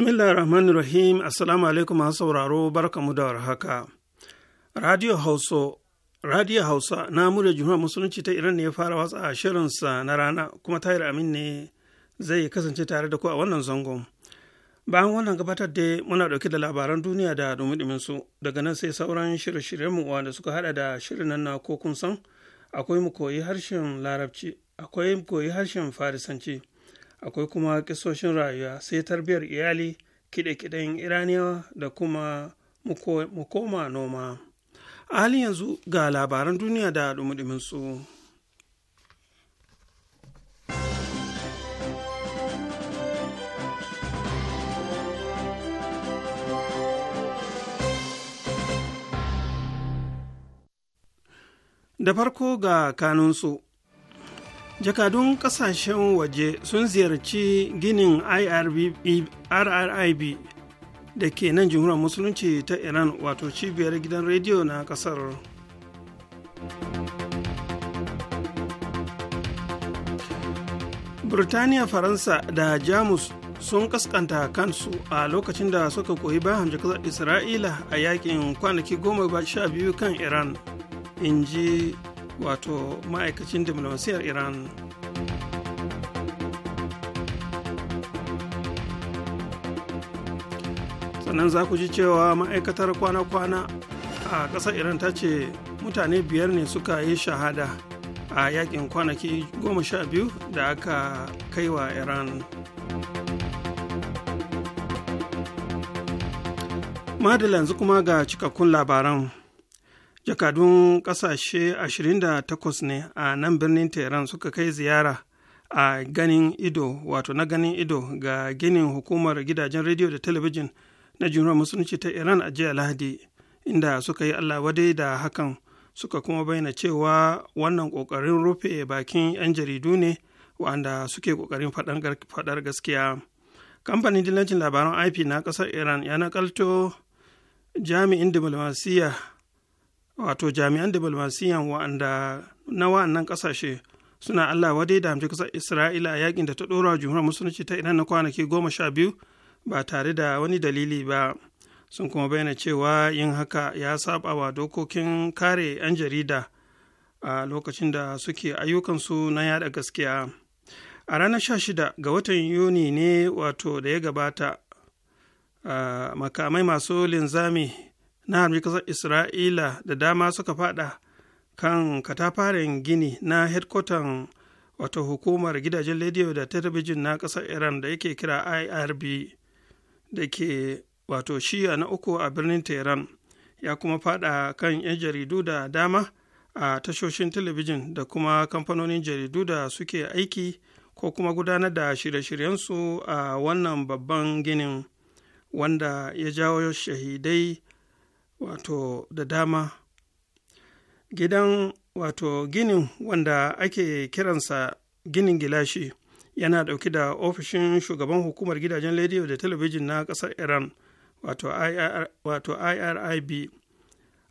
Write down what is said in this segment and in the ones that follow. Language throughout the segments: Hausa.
bismillah rahman rahim assalamu alaikum masu sauraro barkamu da warhaka radio hausa radio hausa na murya jihar musulunci ta iran ne ya fara watsa shirinsa na rana kuma tayar amin ne zai kasance tare da ku a wannan zangon bayan wannan gabatar da muna dauke da labaran duniya da dumi su daga nan sai sauran shirye-shiryenmu wanda suka hada da shirin nan na ko kun san akwai mu koyi harshen larabci akwai mu koyi harshen farisanci akwai kuma kisoshin rayuwa sai tarbiyar iyali kiɗe-kiɗen iraniyawa da kuma mukoma noma a halin yanzu ga labaran duniya da dumudumin su da farko ga kanunsu jakadun kasashen waje sun ziyarci ginin rrib da ke nan jamhuriyar musulunci ta iran wato cibiyar gidan rediyo na kasar Birtaniya, faransa da jamus sun kaskanta kansu a lokacin da suka koyi bayan jakasar isra'ila a yakin kwanaki goma sha biyu kan iran in ji wato ma'aikacin diplomasiyar iran sannan za ku ji cewa ma'aikatar kwana-kwana a ƙasar iran ta ce mutane biyar ne suka yi shahada a yakin kwanaki goma sha biyu da aka kai wa iran madala yanzu kuma ga cikakkun labaran jakadun ƙasashe 28 ne a nan birnin tehran suka kai ziyara a ganin ido wato na ganin ido ga ginin hukumar gidajen rediyo da talabijin na jumhuriyar musulunci ta iran a jiya lahadi inda suka yi allah wadai da hakan suka kuma bayyana cewa wannan ƙoƙarin rufe bakin 'yan jaridu ne wa'anda suke kokarin faɗar gaskiya kamfanin dillancin labaran ip na ƙasar iran ya nakalto jami'in diplomasiyya wato jami'an diplomasiyan wa'anda na wa'annan kasashe suna Allah wadai da hamci kasar Isra'ila a yakin da ta dora jumhuriyar musulunci ta Iran na kwanaki goma sha biyu ba tare da wani dalili ba sun kuma bayyana cewa yin haka ya saba wa dokokin kare 'yan jarida a lokacin da suke ayyukansu na yada gaskiya a ranar sha shida ga watan yuni ne wato da ya gabata makamai masu linzami na harbi ƙasar isra'ila da dama suka fada kan katafaren gini na hedkwatan wata hukumar gidajen rediyo da talabijin na ƙasar iran da yake kira irb da ke wato shiya na uku a birnin tehran ya kuma fada kan 'yan jaridu da dama a tashoshin talabijin da kuma kamfanonin jaridu da suke aiki ko kuma gudanar da shirye-shiryensu a wannan babban ginin wanda ya jawo shahidai wato da dama gidan wato ginin wanda ake kiransa ginin gilashi yana ɗauki da ofishin shugaban hukumar gidajen rediyo da talabijin na ƙasar iran wato irib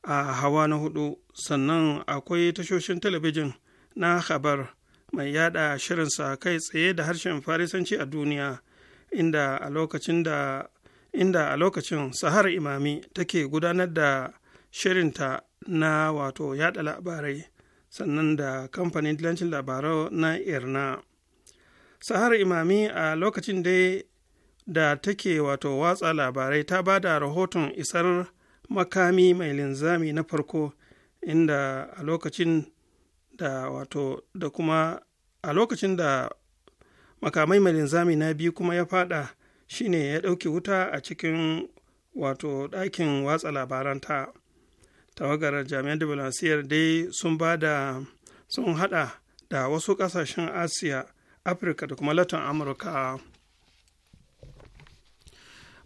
a hawa na hudu sannan akwai tashoshin talabijin na habar mai yada shirinsa kai tsaye da harshen farisanci a duniya inda a lokacin da inda a lokacin sahar imami take gudanar da shirinta na wato yada labarai sannan da kamfanin dilancin labarau na irna sahar imami a lokacin dai da take wato watsa labarai ta ba da rahoton isar makami mai linzami na farko inda a lokacin da wato da kuma a lokacin da makamai mai linzami na biyu kuma ya fada shine ya ɗauki wuta a cikin wato ɗakin watsa labaranta tawagar jami'an diplomasiyar dai sun ba sun hada da wasu ƙasashen asiya afirka da kuma latin amurka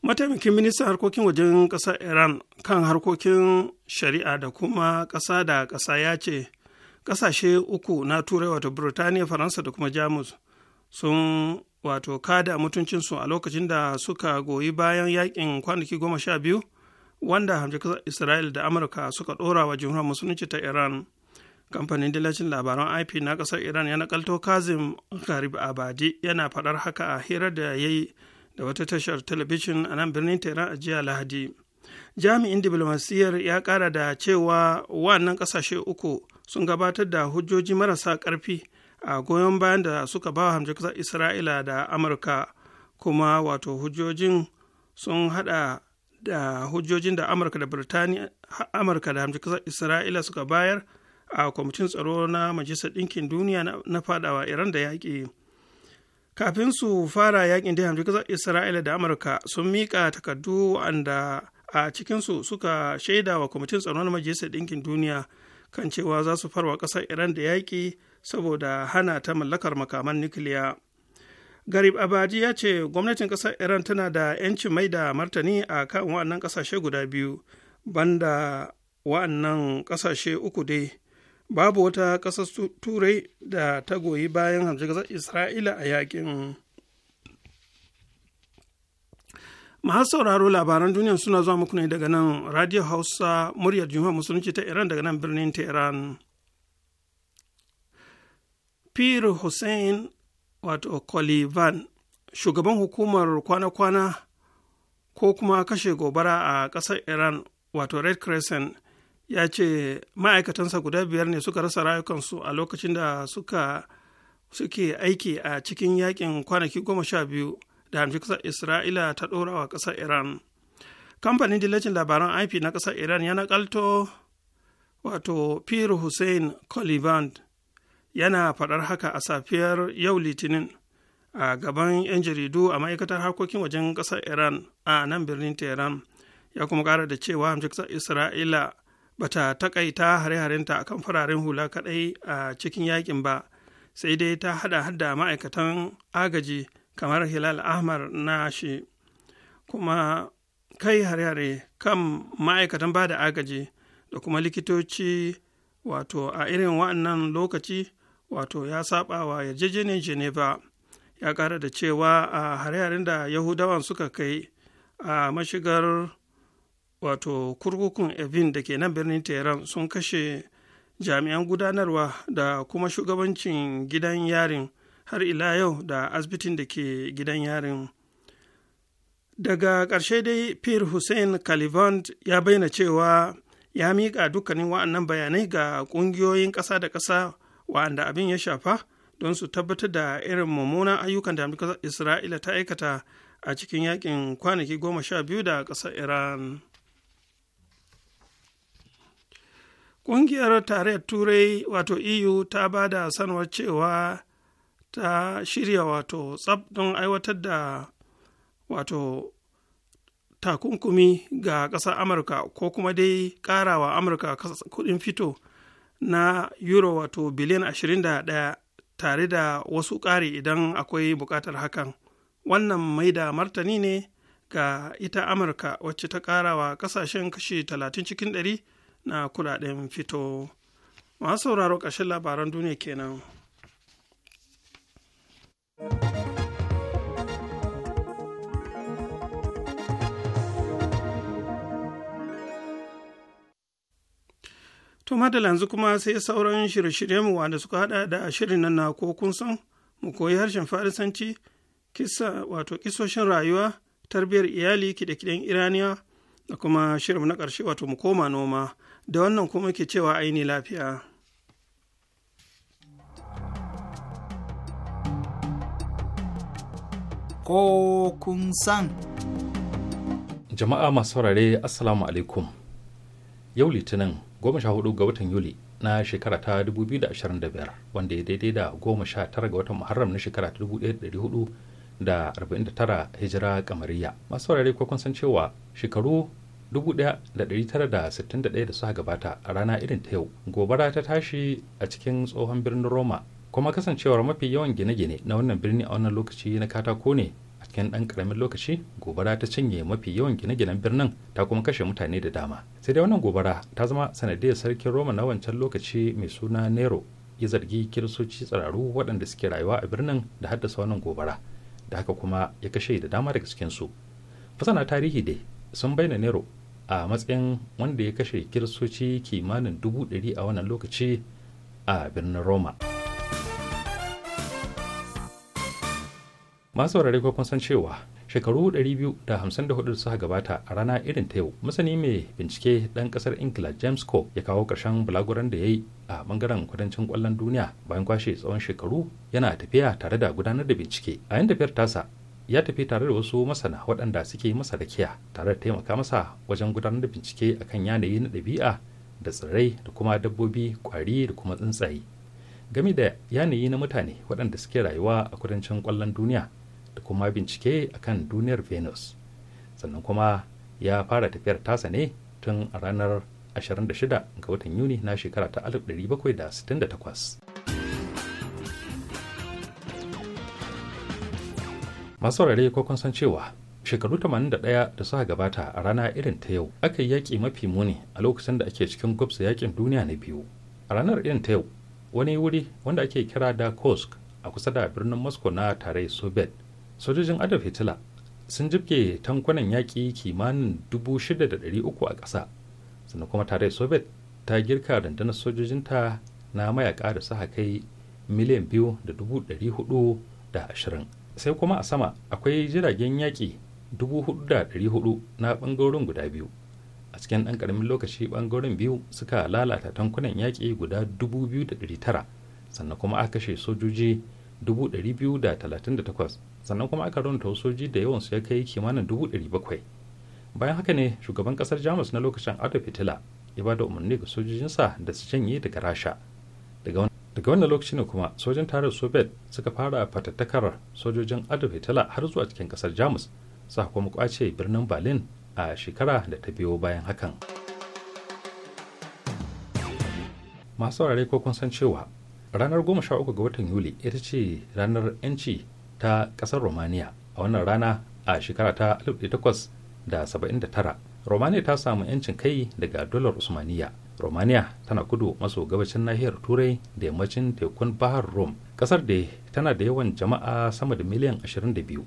mataimakin ministan harkokin wajen ƙasar iran kan harkokin shari'a da kuma ƙasa da ƙasa ya ce ƙasashe uku na turai wato burtaniya faransa da kuma jamus sun wato kada mutuncinsu a lokacin da suka goyi bayan yakin kwanaki goma sha biyu wanda kasar isra'il da amurka suka ɗora wa jihar musulunci ta iran kamfanin dillacin labaran ip na kasar iran ya nakalto kazim garib abadi yana faɗar haka a hira da ya yi da wata tashar talabijin a nan birnin tehran a jiya lahadi jami'in diplomasiyyar ya ƙara da cewa wannan ƙasashe uku sun gabatar da hujjoji marasa ƙarfi a goyon bayan da suka ba wa kasar isra'ila da amurka kuma wato hujjojin sun hada da hujjojin da amurka da birtaniya amurka da hamshe kasar isra'ila suka bayar a kwamitin tsaro na majalisar ɗinkin duniya na fadawa iran da yaƙi kafin su fara yaƙin da hamshe kasar isra'ila da amurka sun miƙa takardu wanda a cikinsu suka shaida wa kwamitin tsaro na majalisar ɗinkin duniya kan cewa za su farwa ƙasar iran da yaƙi saboda hana ta mallakar makaman nukiliya garib abadi ya ce gwamnatin ƙasar iran tana da 'yancin mai da martani a kan wa'annan ƙasashe guda biyu banda wa'annan ƙasashe uku dai babu wata ƙasar turai da ta goyi bayan hamshigar isra'ila a yakin masu sauraro labaran duniya suna zuwa muku ne daga nan radio hausa muryar Juma'a, musulunci ta iran daga nan birnin tehran pir hussein wato kolivan shugaban hukumar kwana-kwana ko kuma kashe gobara a ƙasar iran wato red crescent ya ce ma'aikatansa guda biyar ne suka rasa rayukansu a lokacin da suka suke aiki a cikin yakin kwanaki goma sha biyu da hamshi ƙasar isra'ila ta ɗora wa ƙasar iran kamfanin dillacin labaran ip na ƙasar iran ya naƙalto wato pir hussein colivand yana faɗar haka a safiyar yau litinin a gaban 'yan jaridu a ma'aikatar harkokin wajen ƙasar iran a nan birnin tehran ya kuma ƙara da cewa hamsar isra'ila bata takaita hare-harenta kan fararen hula kaɗai a cikin yakin ba sai dai ta hada hada ma'aikatan agaji kamar hilal ahmar shi, kuma kai hare-hare kan ma'aikatan ba da agaji da kuma likitoci wato a irin wannan lokaci wato ya saba wa yarjejeniyar geneva ya kara da cewa a hare da yahudawan suka kai a mashigar wato kurkukun evin da ke nan birnin tehran sun kashe jami'an gudanarwa da kuma shugabancin gidan yarin har ila yau da asibitin da ke gidan yarin daga ƙarshe dai pierre hussein calivant ya bayyana cewa ya miƙa dukkanin wa'annan bayanai ga ƙungiyoyin ƙasa da ƙasa wa'anda abin ya shafa don su tabbatar da irin mummunan ayyukan da amurka isra'ila ta aikata a cikin yakin kwanaki goma sha biyu da ƙasar iran ƙungiyar tarayyar turai wato eu ta ba da sanarwar cewa ta shirya wato tsab don aiwatar da wato takunkumi ga ƙasar amurka ko kuma dai ƙarawa amurka kuɗin fito na euro wato biliyan 21 tare da wasu ƙari idan akwai buƙatar hakan wannan mai da martani ne ga ita amurka wacce ta ƙara wa ƙasashen kashi 30 cikin 100 na kudaden fito masu sauraro ƙarshen labaran duniya kenan. To madala yanzu kuma sai sauran shirye mu wanda suka hada da shirin nan na ko kun san mu koyi harshen farisanci kisa wato kisoshin rayuwa tarbiyyar iyali kide-kiden iraniya da kuma shirin na ƙarshe wato mu koma noma da wannan kuma ke cewa aini lafiya. Ko kun san. Jama'a masu saurare Assalamu alaikum. Yau Litinin goma sha hudu ga watan yuli na shekara ta 2025 wanda ya daidai da goma sha tara ga watan muharram na shekara ta 1400 da 49 hijira kamariya masu saurare ko kun san cewa shekaru 1961 da suka gabata a rana irin ta yau gobara ta tashi a cikin tsohon birnin roma kuma kasancewar mafi yawan gine-gine na wannan birni a wannan lokaci na katako ne cikin ɗan karamin lokaci gobara ta cinye mafi yawan gine-ginen birnin ta kuma kashe mutane da dama sai dai wannan gobara ta zama sanadiyar sarkin roma na wancan lokaci mai suna nero ya zargi kiristoci tsiraru waɗanda suke rayuwa a birnin da haddasa wannan gobara da haka kuma ya kashe da dama daga cikin su fasana tarihi dai sun bayyana nero a matsayin wanda ya kashe kiristoci kimanin dubu ɗari a wannan lokaci a birnin roma. masu warare ko san cewa shekaru 254 da suka gabata a rana irin ta yau masani mai bincike dan ƙasar ingila james co ya kawo ƙarshen bulaguran da ya yi a bangaren kudancin kwallon duniya bayan kwashe tsawon shekaru yana tafiya tare da gudanar da bincike a yan tafiyar tasa ya tafi tare da wasu masana waɗanda suke masa rakiya tare da taimaka masa wajen gudanar da bincike akan yanayi na ɗabi'a da tsirrai da kuma dabbobi kwari da kuma tsuntsaye game da yanayi na mutane waɗanda suke rayuwa a kudancin ƙwallon duniya da kuma bincike a kan duniyar venus sannan kuma ya fara tafiyar tasa ne tun a ranar 26 ga watan yuni na shekara ta 1768 masu saurare ko kun san cewa shekaru 81 da suka gabata a rana irin ta yau aka yi yaƙi mafi muni a lokacin da ake cikin gwabsa yaƙin duniya na biyu a ranar irin ta yau wani wuri wanda ake kira da kosk a kusa da birnin moscow na tarayyar soviet sojojin adolf hitler sun jibge tankunan yaƙi kimanin 6,300 a ƙasa sannan kuma tare soviet ta girka rundunar sojojinta na mayaƙa da su kai miliyan 2,420 sai kuma a sama akwai jiragen yaƙi 4,400 na ɓangarorin guda biyu a cikin ɗan ƙaramin lokaci ɓangarorin biyu suka lalata tankunan yaƙi guda 2,900 sannan kuma aka kashe sojoji 238 sannan kuma aka raunta soji da yawansu ya kai kimanin dubu ɗari bakwai bayan haka ne shugaban kasar jamus na lokacin adolf fitila ya ba da umarni ga sojojinsa da su janye daga rasha daga wannan lokaci ne kuma sojin tarar soviet suka fara fatattakar sojojin adolf fitila har zuwa cikin kasar jamus sa kuma kwace birnin berlin a shekara da ta biyo bayan hakan masu saurare ko kun san cewa ranar 13 ga watan yuli ita ce ranar 'yanci ta ƙasar romania a wannan rana a shekara ta 1879 romania ta samu 'yancin kai daga dolar usmaniya romania tana kudu maso gabashin nahiyar turai da yammacin tekun bahar rom kasar da tana da yawan jama'a sama da miliyan 22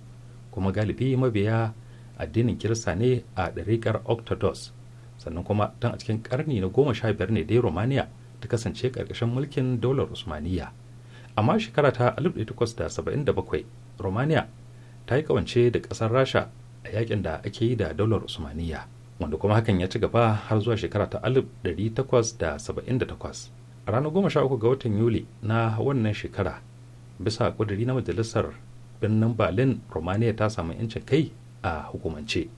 kuma galibi mabiya addinin kirista ne a ɗariƙar octodos sannan kuma tun a cikin ƙarni na goma sha biyar ne dai romania ta kasance ƙarƙashin mulkin daular usmaniya amma shekara ta romania ta yi kawance da ƙasar rasha a yakin da ake yi da daular usmaniya wanda kuma hakan ya ci gaba har zuwa shekara ta 1878 a ranar 13 ga watan yuli na wannan shekara bisa kuduri na majalisar birnin berlin romania ta samu yancin kai a hukumance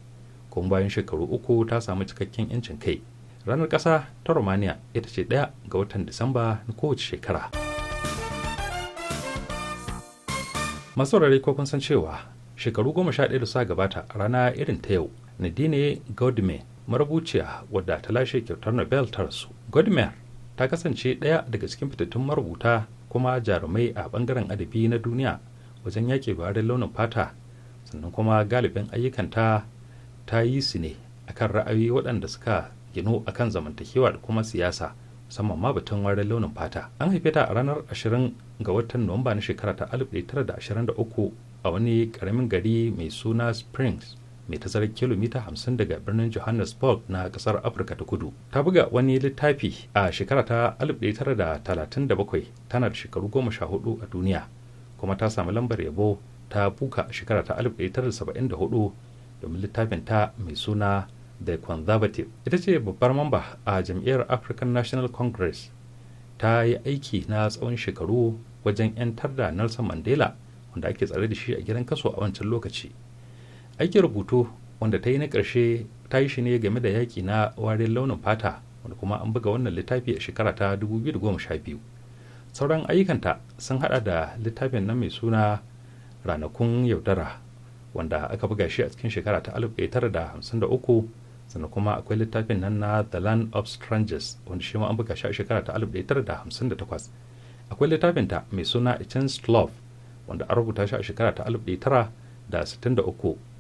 kuma bayan shekaru uku ta samu cikakken yancin kai ranar ƙasa ta romania ita ce ɗaya ga watan disamba na kowace shekara. masu saurare ko kun san cewa shekaru goma sha ɗaya da sa gabata a rana irin ta yau nadine godmer marubuciya wadda ta lashe kyautar nobel ta rasu godmer ta kasance ɗaya daga cikin fitattun marubuta kuma jarumai a bangaren adabi na duniya wajen yaƙi bayarin launin fata sannan kuma galibin ayyukanta ta yi su ne akan ra'ayoyi waɗanda suka ginu akan zamantakewa da kuma siyasa musamman ma batun warin launin fata an haife ta a ranar 20 ga watan nuwamba na shekara ta 1923 a wani karamin gari mai suna springs mai tazarar kilomita 50 daga birnin johannesburg na kasar afirka ta kudu ta buga wani littafi a shekara ta 1937 tana da shekaru 14 a duniya kuma ta samu lambar yabo ta buka shekara ta 1974 domin littafin ta mai suna the conservative ita ce babbar mamba a jam'iyyar african national congress ta yi aiki na tsawon shekaru wajen 'yantar da nelson mandela wanda ake tsare da shi a gidan kaso a wancan lokaci aikin rubutu wanda ta yi na ƙarshe ta yi shi ne game da yaƙi na warin launin fata wanda kuma an buga wannan littafi a shekara ta 2012 sauran ayyukanta sun hada da littafin nan mai suna ranakun yaudara wanda aka buga shi a cikin shekara ta 1953 sannan kuma akwai littafin nan na the land of strangers wanda shi ma an buga shi a shekara ta 1958 akwai littafin ta mai suna a chance love wanda an rubuta shi a shekara ta 1963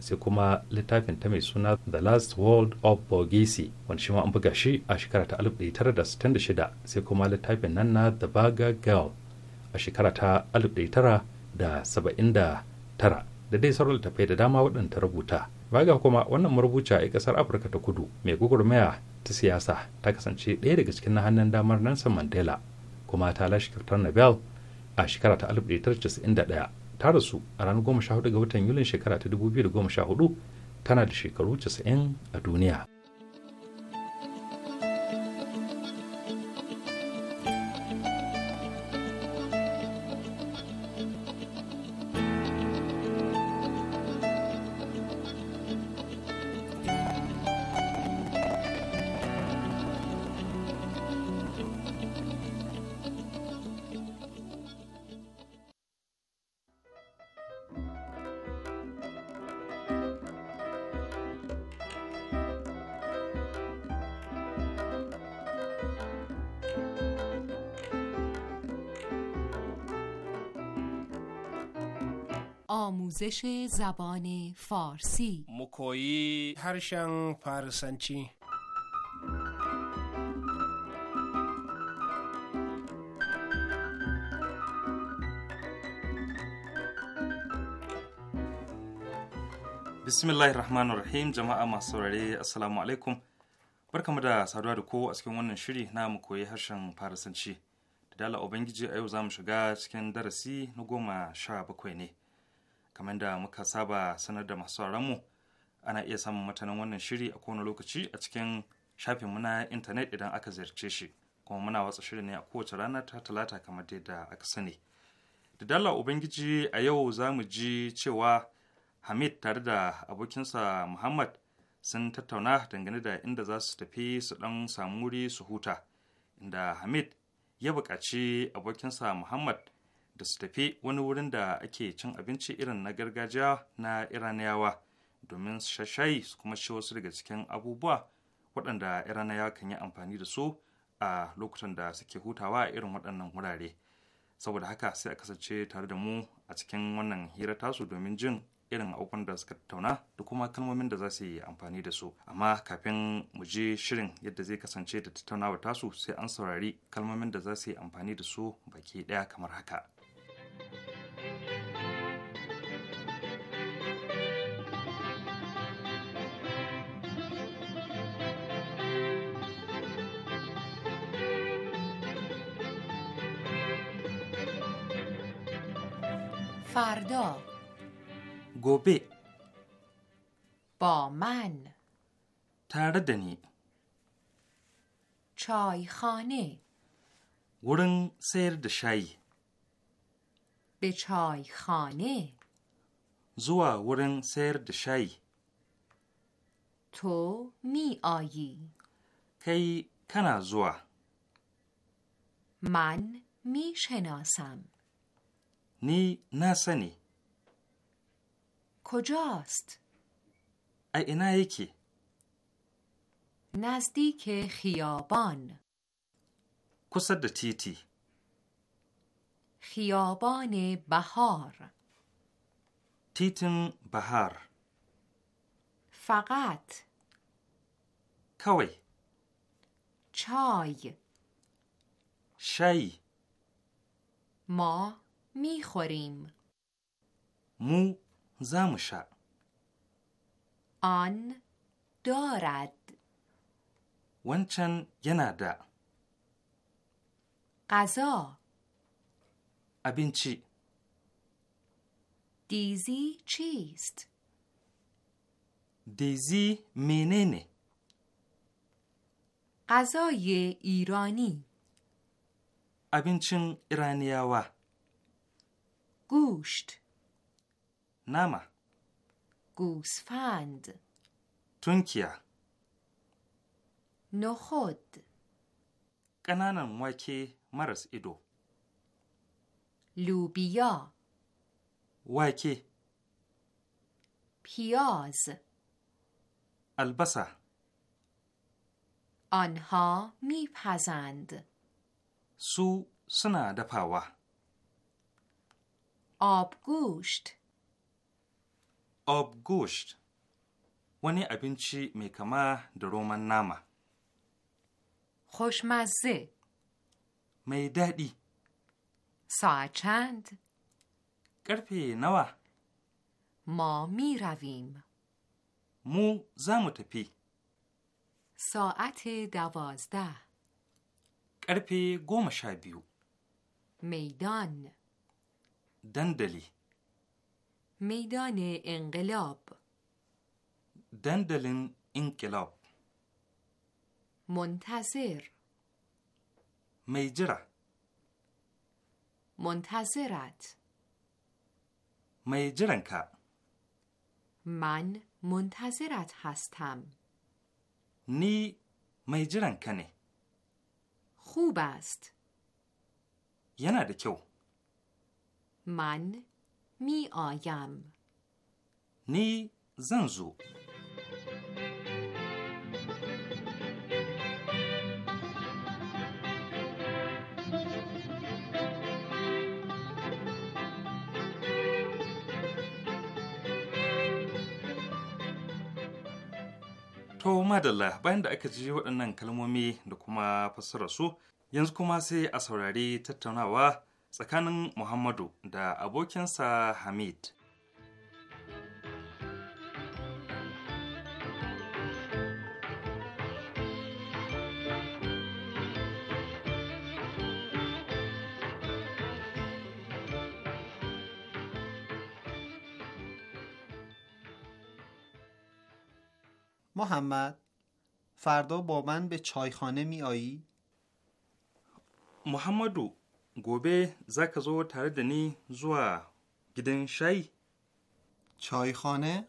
sai kuma littafin ta mai suna the last world of borghese wanda shi ma an buga shi a shekara ta 1966 sai kuma littafin nan na the bagger girl a shekara ta 1979 da dai sauran littafai da dama waɗanda ta rubuta baga kuma wannan marubuca a kasar afirka ta kudu mai gugurmaya ta siyasa ta kasance ɗaya daga cikin na hannun damar nelson mandela kuma ta lashe kyautar nobel a shekara ta 1991 ta rasu a ranar 14 ga watan yulin shekara ta 2014 tana da shekaru 90 a duniya آموزش زبان فارسی مکویی هرشن فارسنچی bismillahir rahmanir rahim jama'a masu saurare assalamu alaikum barkamu da saduwa da ko a cikin wannan shiri na mu koyi harshen farisanci da dala ubangiji a yau za mu shiga cikin darasi na goma sha bakwai ne kamar da muka saba sanar da masu mu ana iya samun matanin wannan shiri a kowane lokaci a cikin shafin na intanet idan aka ziyarce shi kuma muna watsa shirin ne a kowace rana ta talata kamar dai da aka sani da dala ubangiji a yau za mu ji cewa hamid tare da abokinsa muhammad sun tattauna dangane da inda za su tafi su dan samu wuri su huta inda hamid ya buƙaci abokinsa muhammad da su tafi wani wurin da ake cin abinci irin na gargajiya na iraniyawa domin shashayi su kuma ci wasu daga cikin abubuwa waɗanda iraniyawa kan yi amfani da su a lokutan da suke hutawa a irin waɗannan wurare saboda haka sai a kasance tare da mu a cikin wannan hira tasu domin jin irin abubuwan da suka tattauna da kuma kalmomin da za su yi amfani da su amma kafin mu je shirin yadda zai kasance da tattaunawa tasu sai an saurari kalmomin da za su yi amfani da su baki ɗaya kamar haka فردا گوبه با من تردنی چایخانه ورن سیر شای، به چایخانه زوا ورن سیر شای، تو می آیی کی کنا زوا من می شناسم نی نسنی کجاست؟ اینا یکی نزدیک خیابان کسد تیتی خیابان بهار تیتن بهار فقط کوی چای شی ما میخوریم مو زمشا آن دارد ونچن ینادا غذا ابینچی دیزی چیست؟ دیزی مننه غذای ایرانی ابینچن ایرانیاوه گوشت نما گوسفند تونکیا نخود قنانم واکی مرس ایدو لوبیا واکی پیاز البسه آنها میپزند سو سنا دپاوه آبگوشت آبگوشت ونی ابینچی میکما درومن در خوشمزه میدهدی ساعت چند کرپی نوا ما می رویم مو زمو تپی ساعت دوازده کرپی گوم میدان میدان دندلی میدان انقلاب دندلن انقلاب منتظر میجره منتظرت میجرن که من منتظرت هستم نی میجرن کنه خوب است یه نده من می آیم نی زنزو To madalla bayan da aka ji waɗannan kalmomi da kuma su yanzu kuma sai a saurari tattaunawa tsakanin Muhammadu da abokinsa Hamid. محمد فردا با من به چایخانه می آیی؟ محمدو گوبه زک زو تردنی زوا گیدن شایی چایخانه؟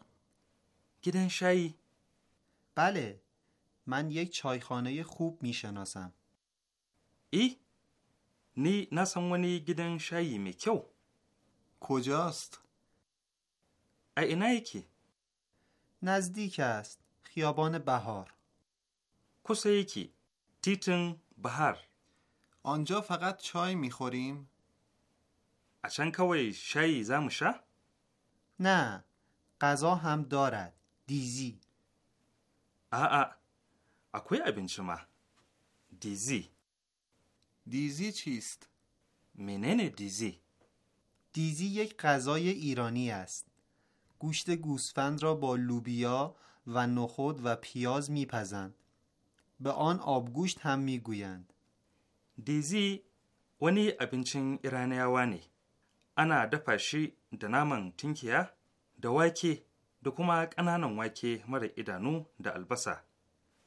گیدن شایی بله من یک چایخانه خوب میشناسم ای؟ نی نسمونی گیدن شایی میکیو کجاست؟ اینه یکی نزدیک است خیابان بهار کسه یکی تیتن بهار آنجا فقط چای میخوریم؟ اچن کوی شایی زموشه؟ نه غذا هم دارد دیزی آ آ اکوی ابین شما دیزی دیزی چیست؟ منن دیزی دیزی یک غذای ایرانی است گوشت گوسفند را با لوبیا و نخود و پیاز میپزند به آن آبگوشت هم میگویند dizi wani abincin Iraniyawa ne, ana dafa shi da naman tunkiya da wake da kuma ƙananan wake mara idanu da albasa,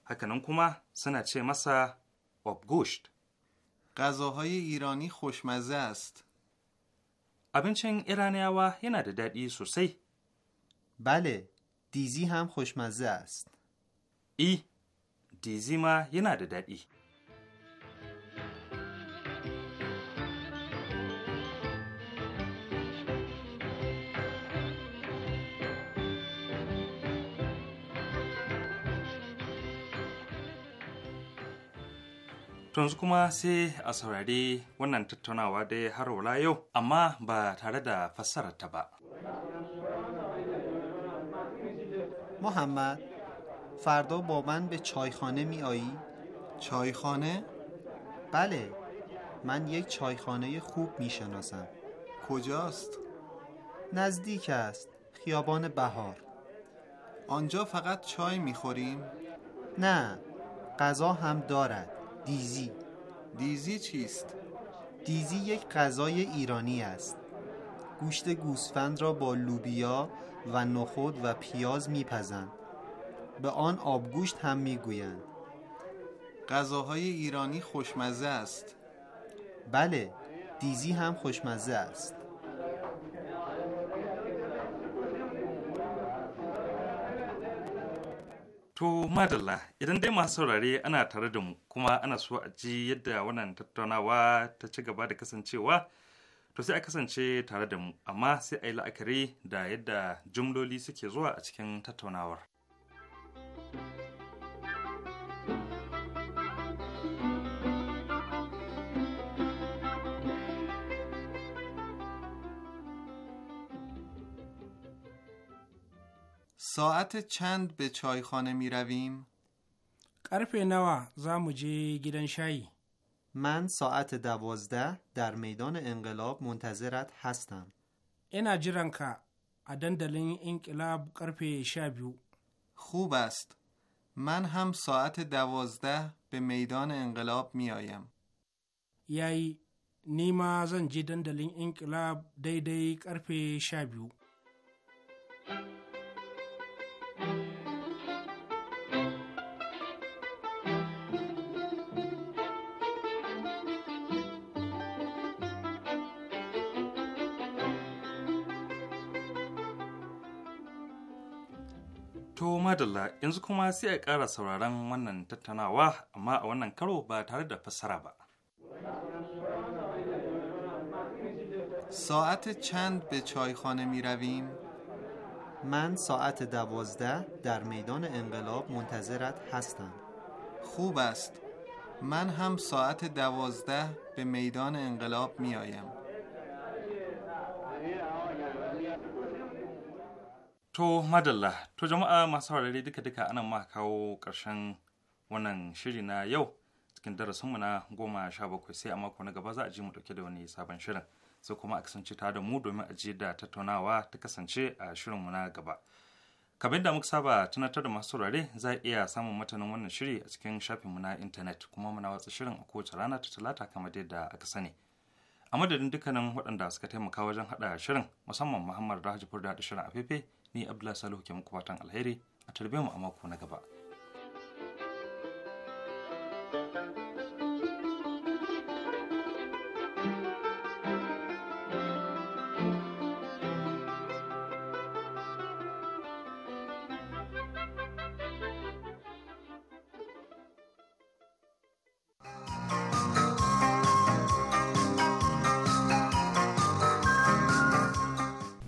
hakanan kuma suna ce masa obgusht. غذاهای ایرانی خوشمزه است. abincin Iraniyawa yana da daɗi sosai. بله، دیزی هم خوشمزه است. ای، دیزی ما yana da daɗi. yanzu kuma sai a saurari wannan tattaunawa dai har wala yau amma ba tare محمد فردا با من به چایخانه می آیی؟ چایخانه؟ بله من یک چایخانه خوب می شناسم کجاست؟ نزدیک است خیابان بهار آنجا فقط چای می خوریم؟ نه غذا هم دارد دیزی دیزی چیست؟ دیزی یک غذای ایرانی است گوشت گوسفند را با لوبیا و نخود و پیاز میپزند به آن آبگوشت هم میگویند غذاهای ایرانی خوشمزه است بله دیزی هم خوشمزه است To madalla idan dai masu saurare ana tare da mu kuma ana so a ji yadda wannan tattaunawa ta ci gaba da kasancewa to sai a kasance tare da mu amma sai a yi la'akari da yadda jumloli suke zuwa a cikin tattaunawar. ساعت چند به چایخانه می رویم؟ قرفه نوا زاموجی گیرن شایی من ساعت دوازده در میدان انقلاب منتظرت هستم اینا جیرن که دلین انقلاب قرفه شابیو خوب است من هم ساعت دوازده به میدان انقلاب می آیم یای نیما زن جی دندلین انقلاب دی قرفه شابیو madalla yanzu kuma sai a ƙara sauraron wannan tattaunawa amma a ساعت چند به چایخانه می رویم؟ من ساعت دوازده در میدان انقلاب منتظرت هستم خوب است من هم ساعت دوازده به میدان انقلاب می آیم To madalla, to jama'a masu saurare duka-duka ana ma kawo ƙarshen wannan shiri na yau cikin darasinmu na goma sha bakwai sai a mako na gaba za a ji mu ɗauke da wani sabon shirin sai kuma a kasance ta da mu domin a ji da tattaunawa ta kasance a shirinmu na gaba. Kamar da muka saba tunatar da masu saurare za a iya samun matanin wannan shiri a cikin shafinmu na intanet kuma muna watsa shirin a kowace rana ta talata kamar yadda aka sani. a madadin dukkanin waɗanda suka taimaka wajen haɗa shirin musamman muhammad rahaji furda da shirin afefe ni abdullahi salihu ke muku fatan alheri a tarbe mu a mako na gaba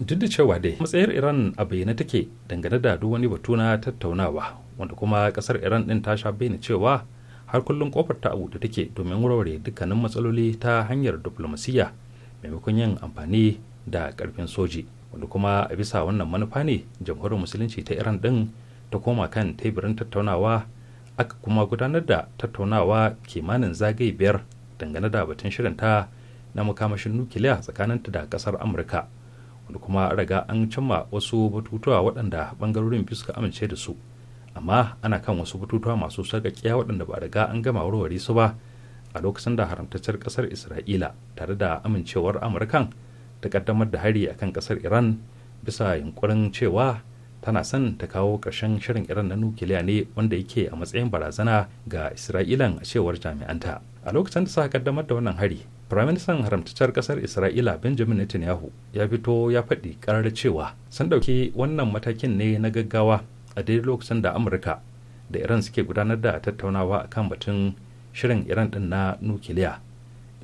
duk da cewa dai matsayar iran a bayyane take dangane da duk wani batu na tattaunawa wanda kuma kasar iran din ta sha bayyana cewa har kullum kofar ta abu da take domin warware dukkanin matsaloli ta hanyar diplomasiya maimakon yin amfani da karfin soji wanda kuma a bisa wannan manufa ne jamhuriyar musulunci ta iran din ta koma kan teburin tattaunawa aka kuma gudanar da tattaunawa kimanin zagaye biyar dangane da batun shirinta na makamashin nukiliya tsakaninta da kasar amurka wanda kuma raga an cimma wasu batutuwa waɗanda ɓangarorin biyu suka amince da su amma ana kan wasu batutuwa masu sarƙaƙiya waɗanda ba riga an gama warware su ba a lokacin da haramtaccen ƙasar isra'ila tare da amincewar amurkan ta ƙaddamar da hari akan ƙasar iran bisa yunkurin cewa tana son ta kawo ƙarshen shirin iran na nukiliya ne wanda yake a matsayin barazana ga isra'ilan a cewar jami'anta a lokacin da suka ƙaddamar da wannan hari firaministan haramtacciyar kasar isra'ila benjamin netanyahu ya fito ya faɗi karar cewa sun ɗauki wannan matakin ne na gaggawa a daidai lokacin da amurka da iran suke gudanar da tattaunawa a kan batun shirin iran din na nukiliya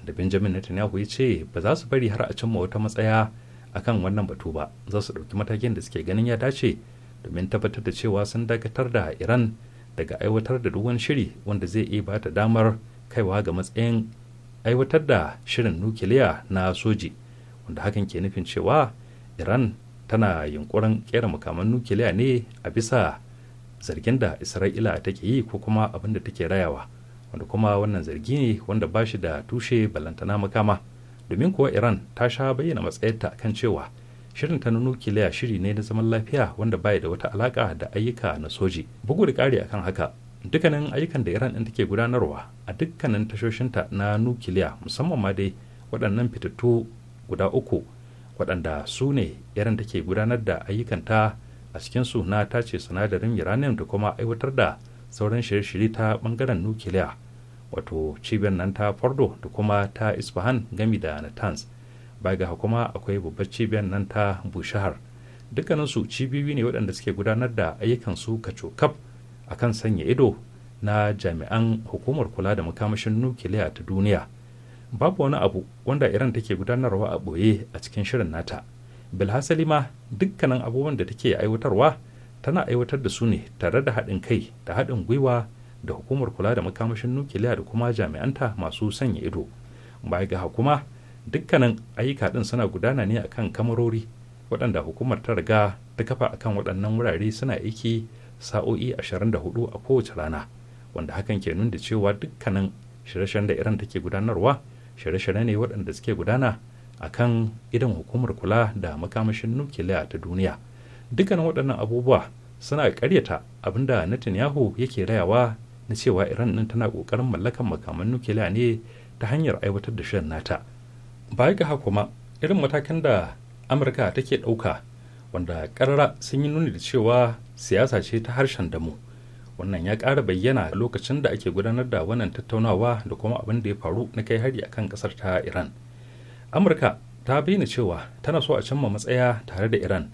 da benjamin netanyahu ya ce ba za su bari har a cimma wata matsaya a kan wannan batu ba za su ɗauki matakin da suke ganin ya dace domin tabbatar da cewa sun dakatar da iran daga aiwatar da duk wani shiri wanda zai iya ba damar kaiwa ga matsayin aiwatar da shirin nukiliya na soji wanda hakan ke nufin cewa iran tana yunkurin kera makaman nukiliya ne a bisa zargin da isra'ila take yi ko kuma abin da take rayawa wanda kuma wannan zargi ne wanda ba shi da tushe balantana makama domin kuwa iran ta sha bayyana matsayarta kan cewa shirin ta na nukiliya shiri ne na zaman lafiya wanda bai da wata alaka da ayyuka na soji bugu da ƙari akan haka dukkanin ayyukan da iran ɗin take gudanarwa a dukkanin tashoshinta na nukiliya musamman ma dai waɗannan fitattu guda uku waɗanda su ne iran take gudanar da ayyukanta a cikinsu na tace sinadarin uranium da kuma aiwatar da sauran shirye-shirye ta ɓangaren nukiliya wato cibiyar nan ta fardo da kuma ta isfahan gami da natanz baya ga kuma akwai babbar cibiyar nan ta bushahar dukkaninsu cibiyoyi ne waɗanda suke gudanar da ayyukansu kacokaf a kan sanya ido na jami'an hukumar kula da makamashin nukiliya ta duniya babu wani abu wanda iran take gudanarwa a ɓoye a cikin shirin nata bilhassali ma dukkanin abubuwan da take aiwatarwa tana aiwatar da su ne tare da haɗin kai da haɗin gwiwa da hukumar kula da makamashin nukiliya da kuma jami'anta masu sanya ido baya ga kuma dukkanin ayyuka ɗin suna gudana ne akan kamarori waɗanda hukumar ta riga ta kafa akan waɗannan wurare suna aiki sa'o'i 24 a kowace rana wanda hakan ke nuna cewa dukkanin shirye-shiryen da iran take gudanarwa shirye-shirye ne waɗanda suke gudana a kan idan hukumar kula da makamashin nukiliya ta duniya dukkanin waɗannan abubuwa suna karyata abinda netanyahu yake rayawa na cewa iran nan tana ƙoƙarin mallakan makaman nukiliya ne ta hanyar aiwatar da shirin nata baya ga kuma irin matakan da amurka take ɗauka wanda ƙarara sun yi nuni da cewa siyasa ce ta harshen damu wannan ya ƙara bayyana lokacin da ake gudanar da wannan tattaunawa da kuma abin da ya faru na kai hari akan ƙasar ta iran amurka ta bayyana cewa tana so a cimma matsaya tare da iran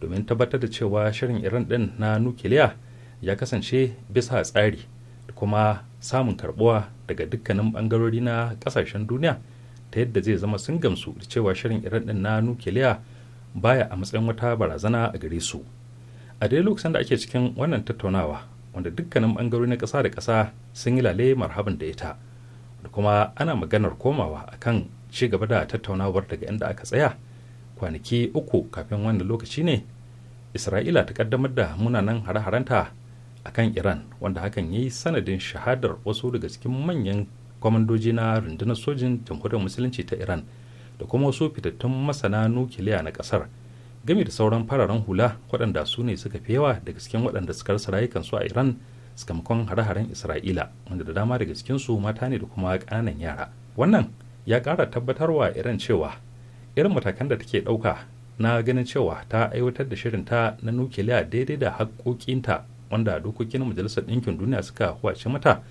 domin tabbatar da cewa shirin iran din na nukiliya ya kasance bisa tsari da kuma samun karbuwa daga dukkanin bangarori na kasashen duniya ta yadda zai zama sun gamsu da cewa shirin iran din na nukiliya baya a matsayin wata barazana a gare su a dai lokacin da ake cikin wannan tattaunawa wanda dukkanin bangarori na kasa da kasa sun yi lale marhaban da ita da kuma ana maganar komawa akan ci gaba da tattaunawar daga inda aka tsaya kwanaki uku kafin wannan lokaci ne isra'ila ta kaddamar da munanan hare-harenta a kan iran wanda hakan ya yi sanadin shahadar wasu daga cikin manyan kwamandoji na rundunar sojin jamhuriyar musulunci ta iran da kuma wasu fitattun masana nukiliya na kasar game da sauran fararen hula waɗanda su ne suka fi yawa daga cikin waɗanda suka rasa rayukansu a iran sakamakon hare-haren isra'ila wanda da dama daga su mata ne da kuma ƙananan yara wannan ya ƙara tabbatarwa iran cewa irin matakan da take ɗauka na ganin cewa ta aiwatar da shirinta na nukiliya daidai da haƙoƙinta wanda dokokin majalisar ɗinkin duniya suka huwace mata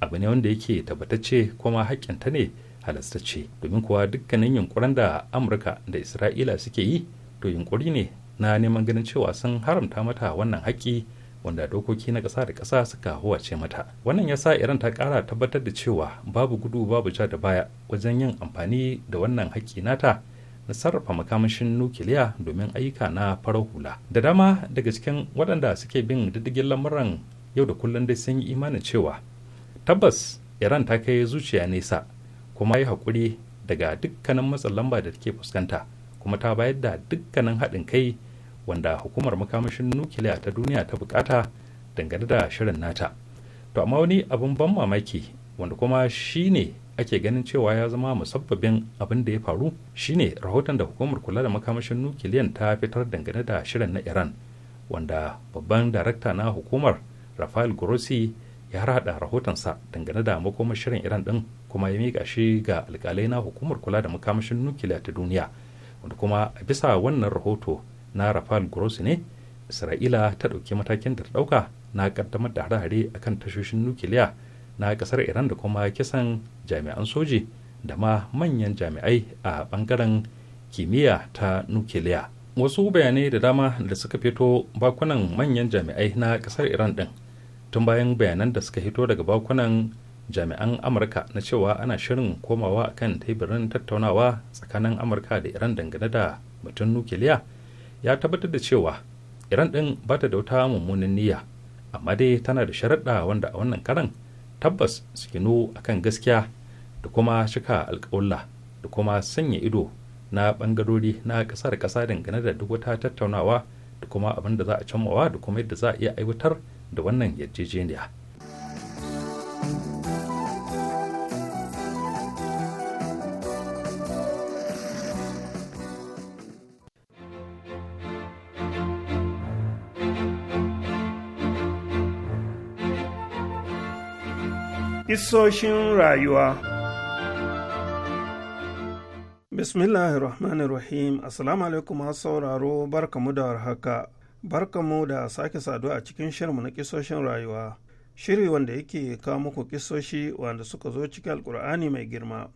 abu ne wanda yake tabbatacce kuma haƙƙinta ne halastacce domin kuwa dukkanin yunkurin da amurka da isra'ila suke yi to yunkuri ne na neman ganin cewa sun haramta mata wannan haƙƙi wanda dokoki na ƙasa da ƙasa suka huwace mata wannan ya sa iran ta ƙara tabbatar da cewa babu gudu babu ja da baya wajen yin amfani da wannan haƙƙi nata na sarrafa makamashin nukiliya domin ayyuka na farar hula da dama daga cikin waɗanda suke bin diddigin lamuran yau da kullum dai sun yi imanin cewa tabbas iran ta kai zuciya nesa kuma ya haƙuri daga dukkanin matsin lamba da take fuskanta kuma ta bayar da dukkanin haɗin kai wanda hukumar makamashin nukiliya ta duniya ta bukata dangane da shirin nata to amma wani abin ban mamaki wanda kuma shi ne ake ganin cewa ya zama musabbabin abin da ya faru shine rahoton da hukumar kula da makamashin nukiliyan ta fitar dangane da shirin na iran wanda babban darakta na hukumar rafael grossi ya rada rahotonsa dangane da makoma shirin iran din kuma ya miƙa shi ga alkalai na hukumar kula da makamashin nukiliya ta duniya kuma bisa wannan rahoto na rafal grossi ne isra'ila ta ɗauki matakin da ta ɗauka na ƙaddamar da hare-hare akan tashoshin nukiliya na ƙasar iran da kuma kisan jami'an soji da ma manyan jami'ai a bangaren kimiyya ta nukiliya wasu bayanai da dama da suka fito bakunan manyan jami'ai na ƙasar iran ɗin tun bayan bayanan da suka fito daga bakunan jami'an amurka na cewa ana shirin komawa kan teburin tattaunawa tsakanin amurka da iran dangane da mutum nukiliya ya tabbatar da cewa iran din ba ta da wata mummunan niyya amma dai tana da sharaɗa wanda a wannan karan tabbas su kinu kan gaskiya da kuma cika alƙawalla da kuma sanya ido na bangarori na ƙasa da ƙasa dangane da duk wata tattaunawa da kuma abin da za a cimmawa da kuma yadda za a iya aiwatar da wannan yarjejeniya. Kisoshin rayuwa Bismillahir Rahmanir Rahim Assalamu alaikum sauraro barkamu da warhaka barkamu da sake saduwa a cikin shirmu na kisoshin rayuwa shiri wanda yake kawo muku kisoshi wanda suka zo cikin alkur'ani mai girma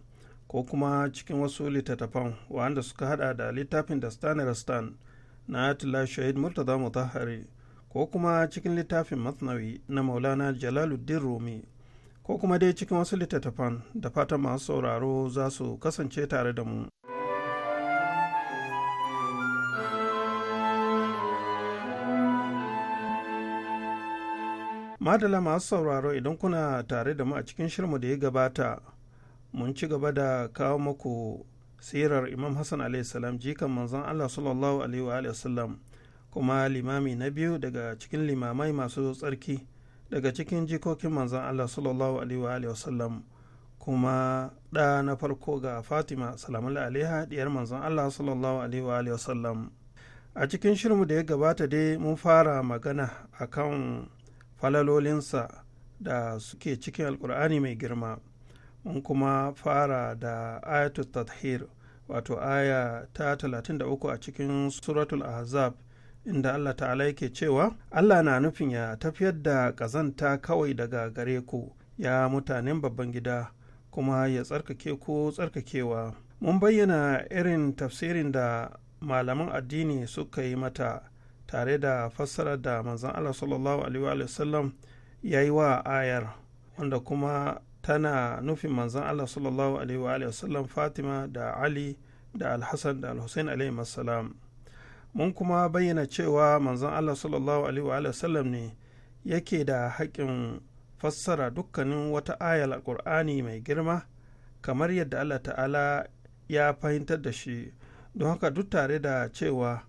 ko kuma cikin wasu littattafan wanda suka hada da littafin da stan stan na atila shahid murtaza mutahari ko kuma cikin littafin masnawi na maulana jalaluddin rumi ko kuma dai cikin wasu littattafan da fata masu sauraro za su kasance tare da mu. Madala masu sauraro idan kuna tare da mu a cikin shirmu da ya gabata mun ci gaba da kawo maku sirar Imam Hassan salam jikan manzon Allah sallallahu alaihi wa kuma limami na biyu daga cikin limamai masu tsarki. daga cikin jikokin manzan Allah sallallahu alaihi wasallam kuma ɗa na farko ga Fatima salamun alaiha diyar manzan Allah sallallahu alaihi wasallam a cikin shirmu da ya gabata dai mun fara magana a kan falalolinsa da suke cikin alkur'ani mai girma mun kuma fara da ayatul tathir wato aya ta 33 a cikin suratul ahzab inda Allah ta'ala yake cewa Allah na nufin ya tafiyar da ƙazanta kawai daga gare ku ya mutanen babban gida kuma ya tsarkake ku tsarkakewa mun bayyana irin tafsirin da malaman addini suka yi mata tare da fassara da manzan Allah sallallahu alaihi ya yi wa ayar wanda kuma tana nufin manzan Allah sallallahu alaihi Fatima da Ali da Alhassan da Alhussein alaihi mun kuma bayyana cewa manzon Allah sallallahu alaihi wa sallam ne yake da haƙƙin fassara dukkanin wata ayar ƙur'ani mai girma kamar yadda Allah ta'ala ya fahimtar da shi don haka duk tare da cewa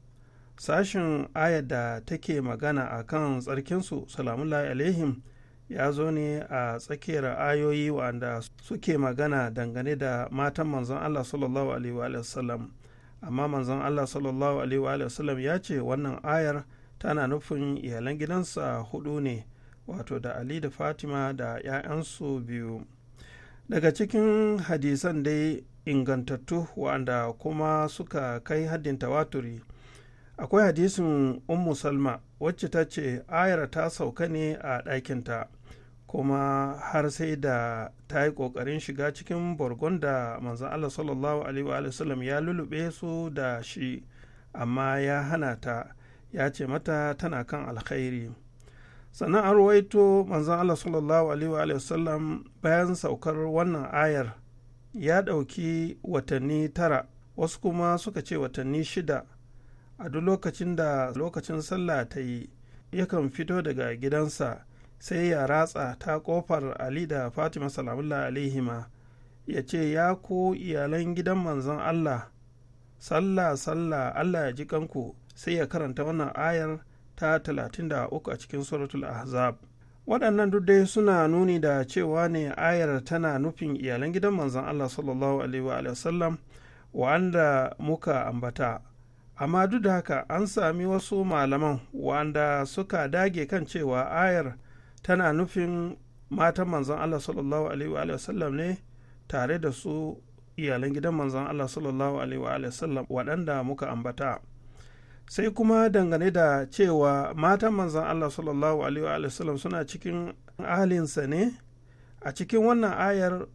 sashin ayar da take magana a kan tsarkinsu salamullahi alaihim ya zo ne a tsakiyar ayoyi wa'anda suke magana dangane da matan manzon Allah sallallahu alaihi wa sallam amma manzon allah sallallahu alaihi wa wasallam ya ce wannan ayar tana nufin iyalan gidansa hudu ne wato da ali da fatima da 'ya'yansu biyu daga cikin hadisan dai ingantattu wa'anda kuma suka kai haddin tawaturi akwai hadisin ummu salma wacce ta ce ayar ta sauka ne a ɗakinta kuma har sai da ta yi ƙoƙarin shiga cikin borgon da manzan Allah sallallahu alaihi wa ya lulluɓe su da shi amma ya hana ta ya ce mata tana kan alkhairi sannan an ruwaito manzan Allah sallallahu alaihi wa bayan saukar wannan ayar ya ɗauki watanni tara wasu kuma suka ce watanni shida a duk lokacin da lokacin sallah ta yi yakan fito daga gidansa sai ya ratsa ta kofar ali da fatima salamullah alaihima ya ce ya ku iyalan gidan manzon allah sallah sallah allah ya ji kanku sai ya karanta wannan ayar ta 33 a cikin suratul ahzab waɗannan duk dai suna nuni da cewa ne ayar tana nufin iyalan gidan manzon allah sallallahu alaihi wa wa'anda muka ambata amma duk da haka an sami wasu malaman wa'anda suka dage kan cewa ayar tana nufin matan manzon Allah sallallahu alaihi wa sallam ne tare da su iyalan gidan manzon Allah sallallahu alaihi wa sallam waɗanda muka ambata sai kuma dangane da cewa matan manzon Allah sallallahu alaihi wa sallam suna cikin ahalinsa ne a cikin wannan ayar